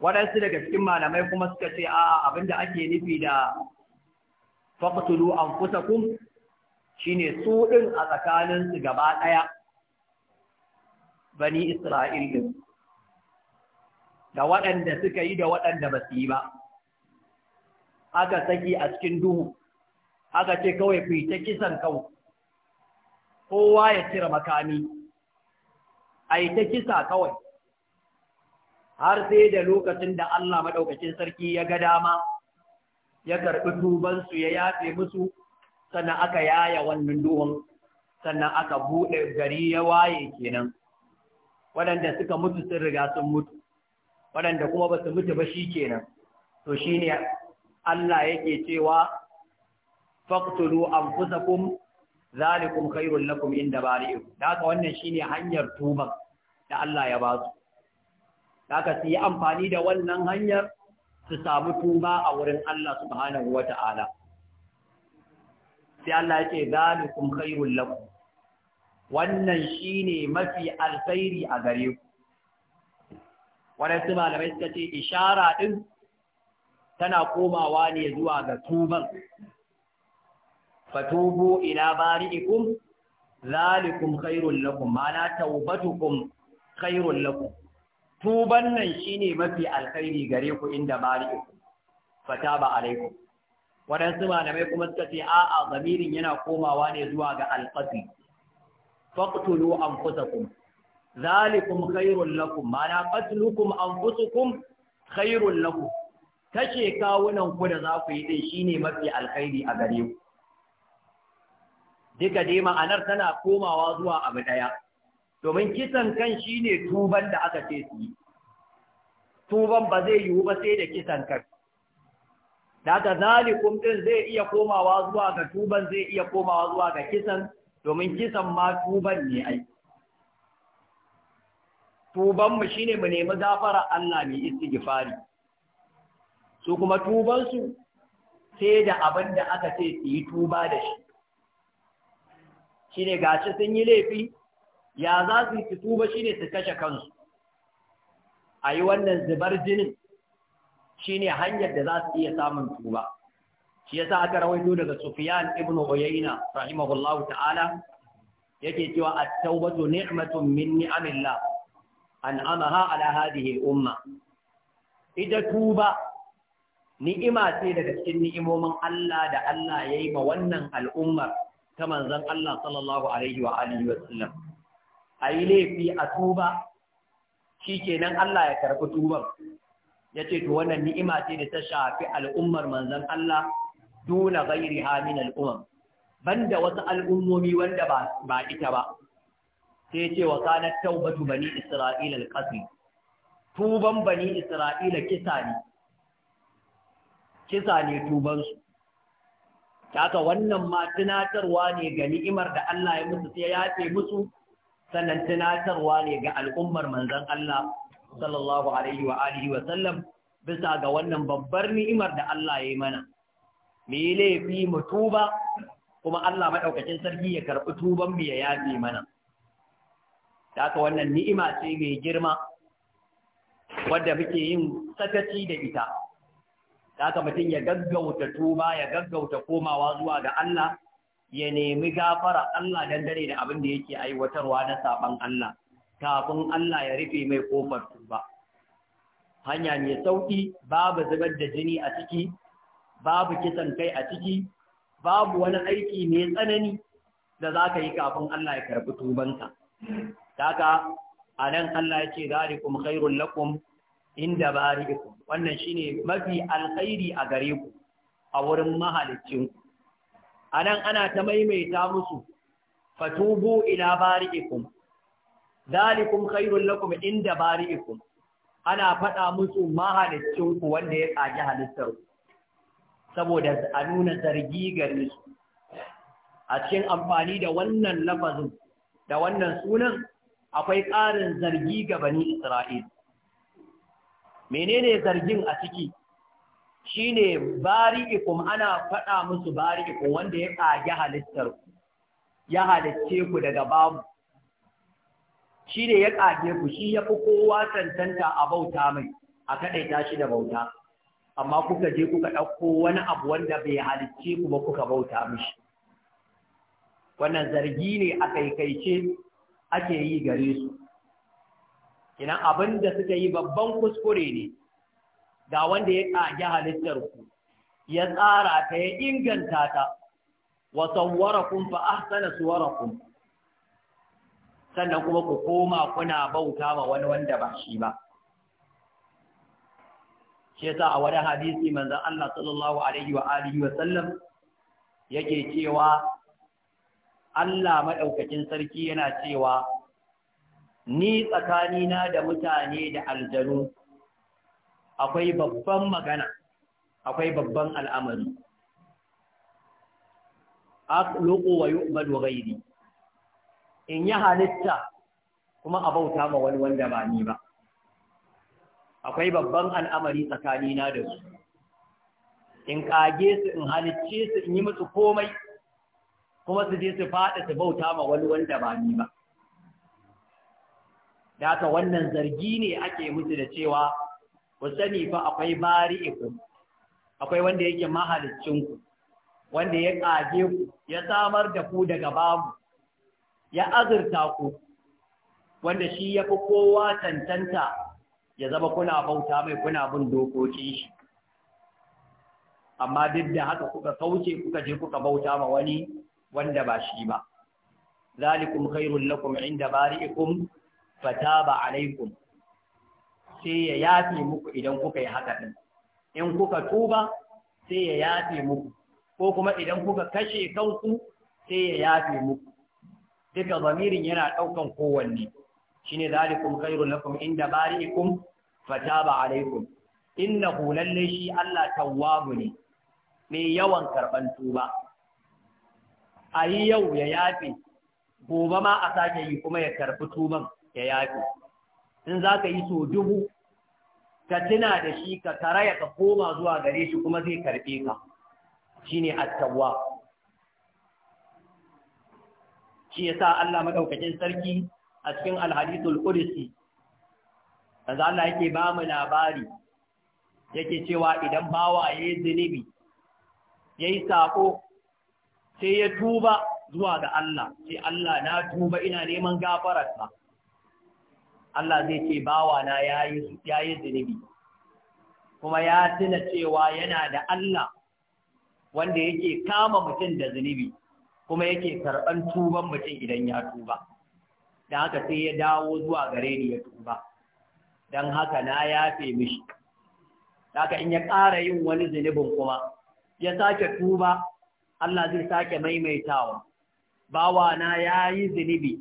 waɗansu daga cikin malamai kuma suka ce a da ake nufi da faƙutulu an kusa kun shi ne su ɗin a tsakaninsu gaba ɗaya bani isra'il ɗin da waɗanda suka yi da waɗanda ba su yi ba aka saki a cikin duhu aka ce kawai fi ta kisan kawo kowa ya cire makami a yi ta kisa kawai har sai da lokacin da Allah maɗaukacin sarki ya ga dama ya karɓi tubansu ya yafe musu sannan aka yaya wannan duhun sannan aka buɗe gari ya waye kenan waɗanda suka mutu sun riga sun mutu waɗanda kuma ba su mutu ba shi kenan to shi ne Allah yake cewa faktulu an fusakun zalikun khairun lakum inda bari'u da haka wannan shine hanyar tuban da Allah ya ba su Kaka su yi amfani da wannan hanyar su samu tuba a wurin Allah subhanahu wa ta'ala. Sai Allah ya ce, Wannan shi ne mafi alfairi a gare ku. Waɗansu malamai suka ce, Ishara ɗin tana komawa ne zuwa ga tuban. Fatubu ila bari'ikum, zalikum khairul lakum, mana taubatukum khairul lafu. tuban nan shine mafi alkhairi gare ku inda bari'u ba alaikum waɗansu malamai kuma suka ce a'a zamirin yana komawa ne zuwa ga alƙasi faqtulu anfusakum zalikum khairul lakum mana qatlukum anfusukum khairul lakum tace kawunan ku da za ku yi shi ne mafi alkhairi a gare ku duka dai ma'anar tana komawa zuwa abu ɗaya. domin kisan kan shine tuban da aka ce su yi tuban ba zai yiwu ba sai da kisan kan daga zalikun ɗin zai iya komawa zuwa ga tuban zai iya komawa zuwa ga kisan domin kisan ma tuban ne ai tubanmu shine mu nemi gafara Allah mai istighfari su kuma tubansu sai da abin da aka ce su yi tuba da shi Shi ne gashi sun yi laifi ya za su yi tuba ne su kashe kansu a yi wannan zubar jinin shine hanyar da za su iya samun tuba shi yasa aka rawaito daga Sufyan ibn Uyayna rahimahullahu ta'ala yake cewa at-taubatu ni'matun min ni'amillah an'amaha ala hadhihi umma ita tuba ni'ima ce daga cikin ni'imomin Allah da Allah yayi ma wannan al'ummar ta manzon Allah sallallahu alaihi wa alihi wa sallam a yi laifi a tuba shi kenan Allah ya karɓi tuban ya ce to wannan ni'ima ce da ta shafi al'ummar manzan Allah duna gairi hamin al'umam banda wasu al'ummomi wanda ba ita ba sai ce wa kanar taubatu bani isra'ila alƙasi tuban bani isra'ila kisa ne kisa ne tubansu ta wannan ma tunatarwa ne ga ni'imar da Allah ya musu sai ya yafe musu sannan tunatarwa ne ga al'ummar manzon Allah sallallahu alaihi wa alihi wa sallam bisa ga wannan babbar ni'imar da Allah ya yi mana Me yi laifi mu tuba kuma Allah maɗaukacin sarki ya karɓi tuban mu ya yafe mana da ka wannan ni'ima ce mai girma wadda muke yin sakaci da ita da ka mutum ya gaggauta tuba ya gaggauta komawa zuwa ga Allah ya nemi gafara Allah dangane da abin da yake aiwatarwa na saban Allah kafin Allah ya rufe mai kofar tuba hanya mai sauƙi babu zubar da jini a ciki babu kisan kai a ciki babu wani aiki mai tsanani da za ka yi kafin Allah ya karɓi tubanka daga a nan Allah ya ce zalikum khairul lakum inda bari'ikum wannan shine mafi alkhairi a gare ku a wurin mahalicinku Anan ana ta maimaita musu fatubu ila bari'ikum zalikum khairul lakum inda bari'ikum ana faɗa musu mahalicin ku wanda ya tsaki halittar ku saboda a nuna zargi gare su a cikin amfani da wannan lafazin da wannan sunan akwai ƙarin zargi ga bani Isra'il menene zargin a ciki Shi shine bari'ikum ana faɗa musu bari'ikum wanda ya ƙage halittar ku ya halicce ku daga babu ne ya ƙage ku shi ya fi kowa tantanta a bauta mai a kaɗaita shi da bauta amma kuka je kuka ɗauko wani abu wanda bai halicce ku ba kuka bauta mishi wannan zargi ne a kaikaice ake yi gare su Ina abin da suka yi babban kuskure ne ga wanda ya ƙage halittar ku ya tsara ta ya inganta ta wa sawwarakum fa ahsana kun," sannan kuma ku koma kuna bauta wa wani wanda ba shi ba shi yasa a wani hadisi manzon Allah sallallahu alaihi wa alihi wa sallam yake cewa Allah madaukakin sarki yana cewa ni tsakanina da mutane da aljanu akwai babban magana akwai babban al'amari aqluqu wa yu'badu ghairi in ya halitta kuma a bauta ma wani wanda ba ni ba akwai babban al'amari tsakanina da su in kage su in halicce su in yi musu komai kuma su je su faɗa su bauta ma wani wanda ba ni ba da ta wannan zargi ne ake musu da cewa ku sani fa akwai bari'ikum akwai wanda yake ku, wanda ya kaje ku ya samar da ku daga babu ya azurta ku wanda shi ya fi kowa tantanta ya zama kuna bauta mai kuna bin dokokin shi amma duk da haka kuka kauce kuka je kuka bauta ma wani wanda ba shi ba zalikum khairul lakum inda bari'ikum fataba alaikum sai ya yafe muku idan kuka yi haka din in kuka tuba sai ya yafe muku ko kuma idan kuka kashe kanku sai ya yafe muku duka zamirin yana ɗaukan kowanne shine zalikum khairul lakum inda bari'ikum fataba alaikum innahu lalle shi Allah tawwabu ne mai yawan karban tuba a yi yau ya yafe gobe ma a sake yi kuma ya karɓi tuban ya yafe in za ka yi so dubu ka tuna da shi ka karaya ka koma zuwa gare shi kuma zai karɓe ka shine at-tawwab shi yasa Allah madaukakin sarki a cikin al-hadithul qudsi kaza Allah yake ba mu labari yake cewa idan bawa yayi zunubi yayi sako sai ya tuba zuwa ga Allah sai Allah na tuba ina neman gafararsa Allah zai ce bawana ya yi zunubi kuma ya tuna cewa yana da Allah wanda yake kama mutum da zunubi kuma yake karɓar tuban mutum idan ya tuba da haka sai ya dawo zuwa gare ni ya tuba don haka na yafe mishi haka in ya ƙara yin wani zunubin kuma ya sake tuba Allah zai sake maimaitawa bawana ya yi zunubi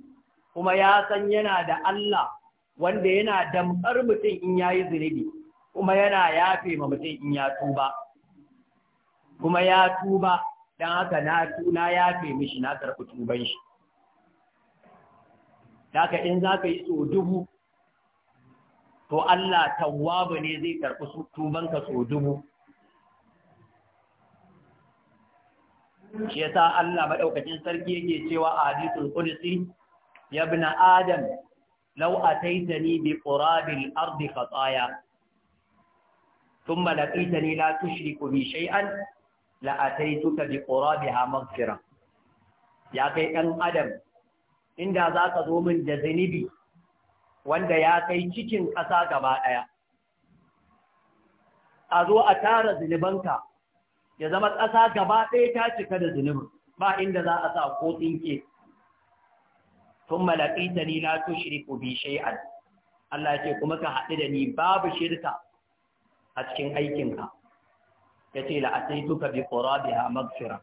kuma ya san yana da Allah wanda yana damar mutum in yi zunubi kuma yana yafe ma mutum in ya tuba kuma ya tuba don haka na tuna yafe mishi na karɓi tuban shi haka in za ka yi so dubu to Allah tawwabu ne zai karɓi tubanka so dubu shi sa Allah maɗaukacin sarki yake cewa a hadisul qudsi Yabna adam lau ataitani bi qurabil ardi khataya thumma laqitani la tushriku bi shay'an la ataituka bi qurabiha maghfira ya kai ɗan adam inda za ka zo min da zunubi wanda ya kai cikin ƙasa gaba ɗaya a zo a tara zunubanka ya zama ƙasa gaba ɗaya ta cika da zunubin ba inda za a sa ko tsinke tun ita ni na to bi shay'an Allah ce kuma ka haɗu da ni babu shirka a cikin aikinka ya ce la'ataituka bi qurabiha magfira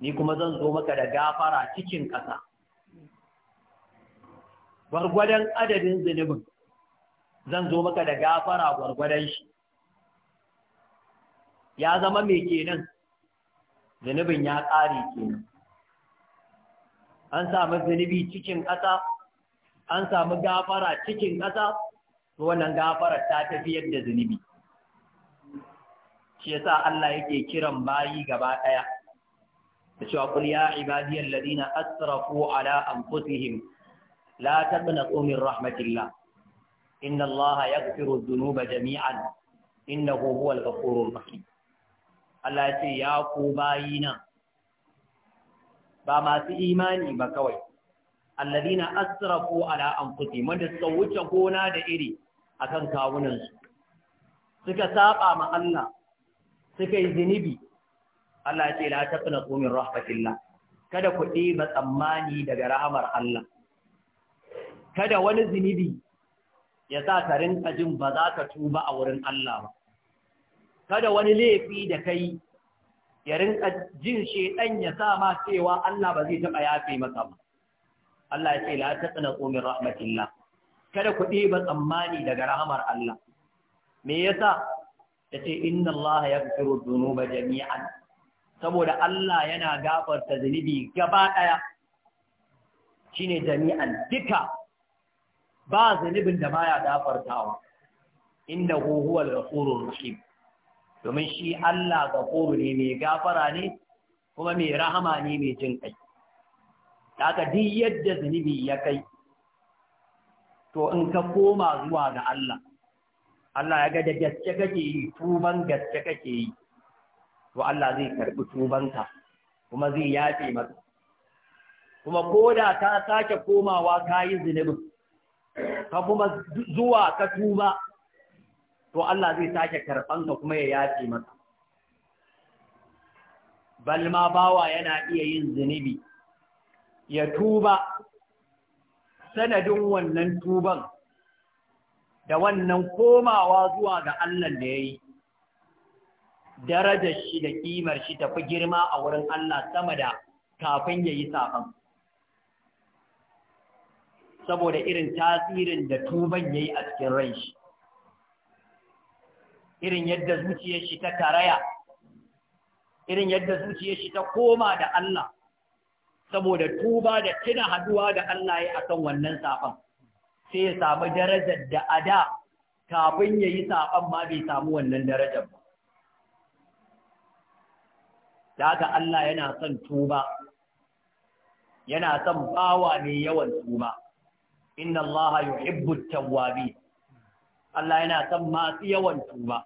ni kuma zan zo maka da gafara cikin ƙasa gwargwadon adadin zunubin zan zo maka da gafara gwargwadon shi ya zama mai kenan zunubin ya ƙare kenan an samu zunubi cikin ƙasa an samu gafara cikin ƙasa wannan gafarar ta tafiyar da zunubi shi yasa Allah yake kiran bayi gaba ɗaya da cewa qul ya ladina asrafu ala anfusihim la taqnatu min rahmatillah inna Allah yaghfiru zunuba jami'an innahu huwal ghafurur rahim Allah ya ce ya ku bayina ba masu imani ba kawai alladina asrafu ala anfusihim wanda suka wuce gona da iri akan kawunan su suka saba ma Allah suka yi zinubi Allah ce la taqnatu min rahmatillah kada ku ba tsammani daga rahmar Allah kada wani zinubi ya sa ka rinka jin ba za ka tuba a wurin Allah ba kada wani laifi da kai ya rinka jin shedan ya sa ma cewa Allah ba zai taba yafe masa ba Allah ya ce la taqnatu min rahmatillah kada ku ba tsammani daga rahamar Allah me yasa yace inna Allah yaghfiru dhunuba jami'an saboda Allah yana gafarta zunubi gaba daya shine jami'an duka ba zunubin da baya gafartawa innahu huwal ghafurur rahim domin shi Allah gafuru ne mai gafara ne kuma mai rahama ne mai jin kai ka duk yadda zunubi ya kai to in ka koma zuwa ga Allah Allah ya ga da gaske kake yi tuban gaske kake yi to Allah zai karɓi tubanka kuma zai yafe maka kuma koda ka sake komawa ka yi zunubin ka kuma zuwa ka tuba to Allah zai sake karɓanka ka kuma ya yafe maka balma bawa yana iya yin zunubi ya tuba sanadin wannan tuban da wannan komawa zuwa ga Allah da ya yi darajar shi da ƙimar shi tafi girma a wurin Allah sama da kafin ya yi safan saboda irin tasirin da tuban ya yi a cikin ranshi. shi irin yadda zuciyar shi ta taraya, irin yadda zuciyar shi ta koma da Allah saboda tuba da tuna haduwa da Allah ya akan wannan safan sai ya samu darajar da ada kafin yayi yi safan ma bai samu wannan darajar ba da Allah yana son tuba yana son bawa mai yawan tuba inna Allah yuhibbu tawwabi Allah yana son masu yawan tuba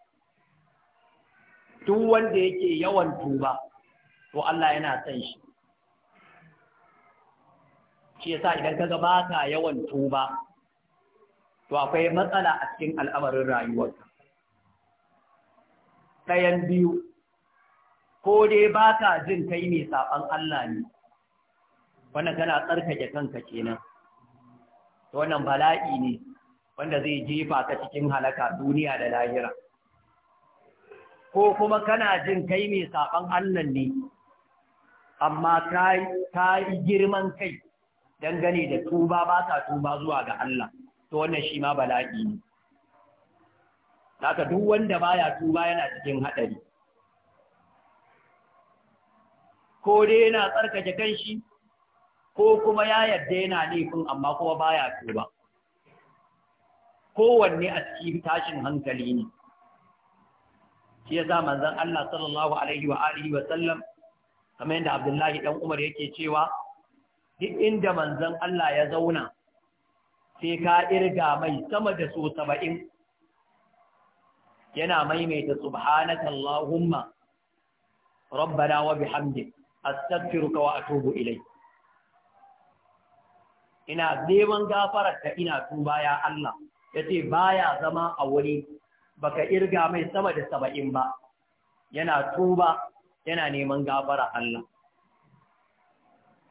duk wanda yake yawan tuba to Allah yana son shi shi yasa idan kaga ba ka yawan tuba to akwai matsala a cikin al'amarin rayuwarka ɗayan biyu ko dai ba ka jin kai ne saɓan Allah ne wannan kana tsarkake kanka kenan wannan bala'i ne wanda zai jefa ka cikin halaka duniya da lahira ko kuma kana jin kai mai saɓan Allah ne, amma ta yi girman kai dangane da tuba ba ta tuba zuwa ga Allah, to wannan shi ma bala'i ne. Naka duk wanda baya tuba yana cikin haɗari. Ko dai yana tsarkake shi, ko kuma ya yarda yana laifin amma kuma baya tuba. Kowanne a cikin tashin hankali ne. shi sa manzon Allah sallallahu alaihi wa alihi wa sallam kamar yadda Abdullahi dan Umar yake cewa duk inda manzon Allah ya zauna sai ka irga mai sama da so 70 yana maimaita subhanaka allahumma rabbana wa bihamdik astaghfiruka wa atubu ilai. ina neman gafarar ka ina tuba ya Allah yace baya zama a wuri baka irga mai sama da saba'in ba yana tuba yana neman gafara Allah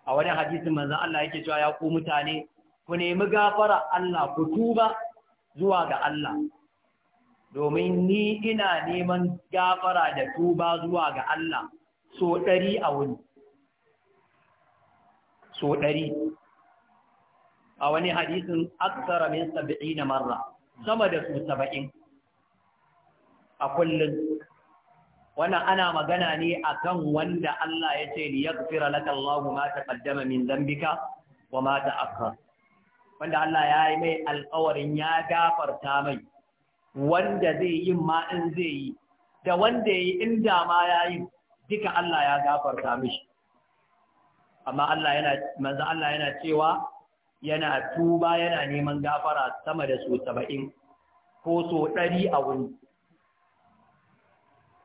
a wani hadisin manzan Allah yake cewa ya ku mutane ku nemi gafara Allah ku tuba zuwa ga Allah domin ni ina neman gafara da tuba zuwa ga Allah so ɗari a wuni so ɗari a wani hadisin aksara min saba'i na marra sama da su saba'in a kullum wannan ana magana ne akan wanda Allah ya ce liyaghfira laka Allahu ma taqaddama min dhanbika wa ma ta'akhkhar wanda Allah ya yi mai alƙawarin ya gafarta mai wanda zai yi ma in zai yi da wanda yayi in da ma yayi duka Allah ya gafarta mishi amma Allah yana manzo Allah yana cewa yana tuba yana neman gafara sama da su 70 ko so 100 a wuni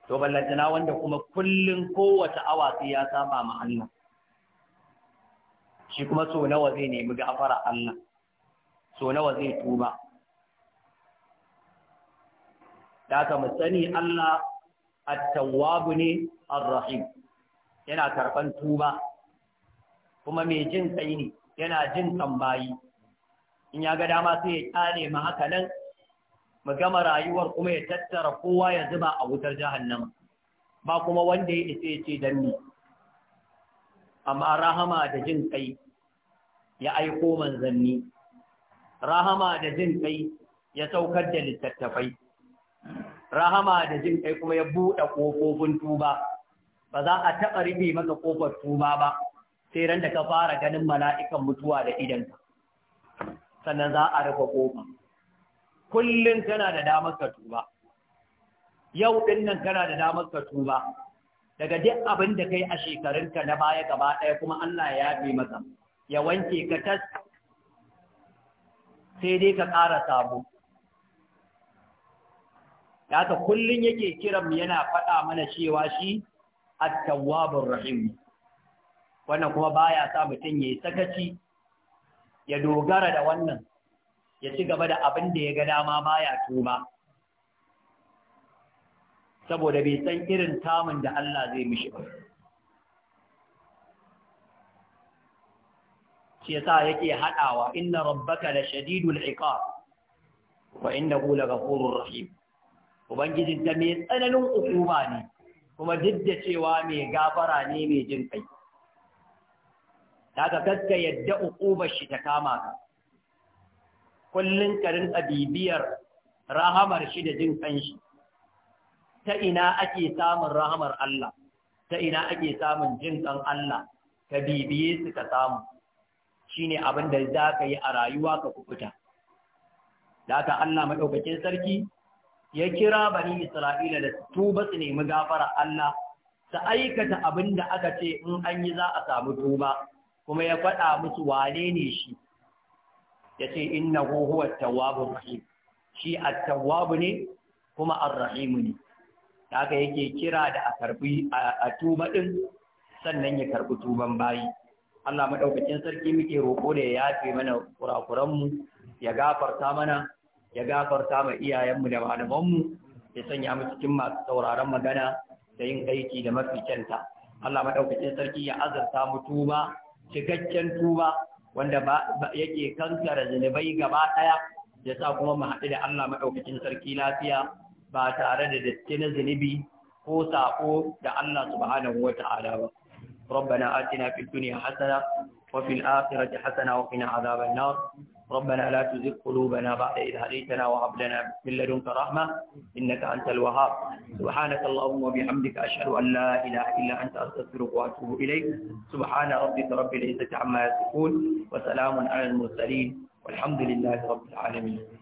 to ballantana wanda kuma kullum kowace awa sai ya saba ma Allah shi kuma so nawa zai nemi gafara Allah so nawa zai tuba da ka mu Allah at-tawwab ne ar-rahim yana karɓan tuba kuma mai jin kai ne yana jin tambayi in ya ga dama sai ya kare ma haka nan mu gama rayuwar kuma ya tattara kowa ya zuba a wutar jahannama ba kuma wanda ya isa ya ce dan ni amma rahama da jin kai ya aiko manzanni rahama da jin kai ya saukar da littattafai rahama da jin kai kuma ya buɗe ƙofofin tuba ba za a taɓa rufe maka ƙofar tuba ba sai ran da ka fara ganin mala'ikan mutuwa da idanka sannan za a rufe ƙofa kullum tana da damar ka tuba yau din nan kana da damar ka tuba daga duk abin da kai a shekarunka na baya gaba ɗaya kuma Allah ya yafe maka ya wanke ka tas sai dai ka ƙara sabo Ya ta kullum yake kiran yana faɗa mana cewa shi at-tawwabur rahim wannan kuma baya sa mutum yayi sakaci ya dogara da wannan ya ci gaba da abin da ya ga dama baya tuba saboda bai san irin tamun da Allah zai mishi ba shi yasa yake hadawa inna rabbaka la shadidul iqab wa la laghafurur rahim ubangijin ta mai tsananin hukuma ne kuma duk da cewa mai gafara ne mai jin kai daga kaska yadda hukumar shi ta kama ka kullum karin rinka rahamar shi da jin kanshi ta ina ake samun rahamar Allah ta ina ake samun jin kan Allah ka bibiye su ka samu ne abin da za ka yi a rayuwa ka kukuta da ka Allah maɗaukakin sarki ya kira bani Isra'ila da tuba su nemi gafara Allah ta aikata abin da aka ce in an yi za a samu tuba kuma ya faɗa musu wane ne shi Ya ce, in huwa at Tawabu rahim shi a Tawabu ne kuma an Rahimu ne haka yake kira da a karbi a tuba din sannan ya karbi tuban bayi Allah maɗaukacin sarki muke roƙo da ya yafe mana kurakuranmu, ya gafarta mana ya gafarta ma iyayenmu da malamanmu ya sanya mu cikin masu sauraron magana da yin aiki da mafi kyanta Allah maɗaukacin sarki ya azarta mu tuba cikakken tuba wanda yake kankara zunubai gaba ɗaya ya sa kuma mu haɗu da Allah maɗaukacin sarki lafiya ba tare da datti na zunubi ko saƙo da Allah subhanahu wa ta'ala ba. ربنا آتنا في الدنيا حسنة وفي الآخرة حسنة وقنا عذاب النار ربنا لا تزغ قلوبنا بعد إذ هديتنا وهب لنا من لدنك رحمة إنك أنت الوهاب سبحانك اللهم وبحمدك أشهد أن لا إله إلا أنت أستغفرك وأتوب إليك سبحان ربك رب العزة عما يصفون وسلام على المرسلين والحمد لله رب العالمين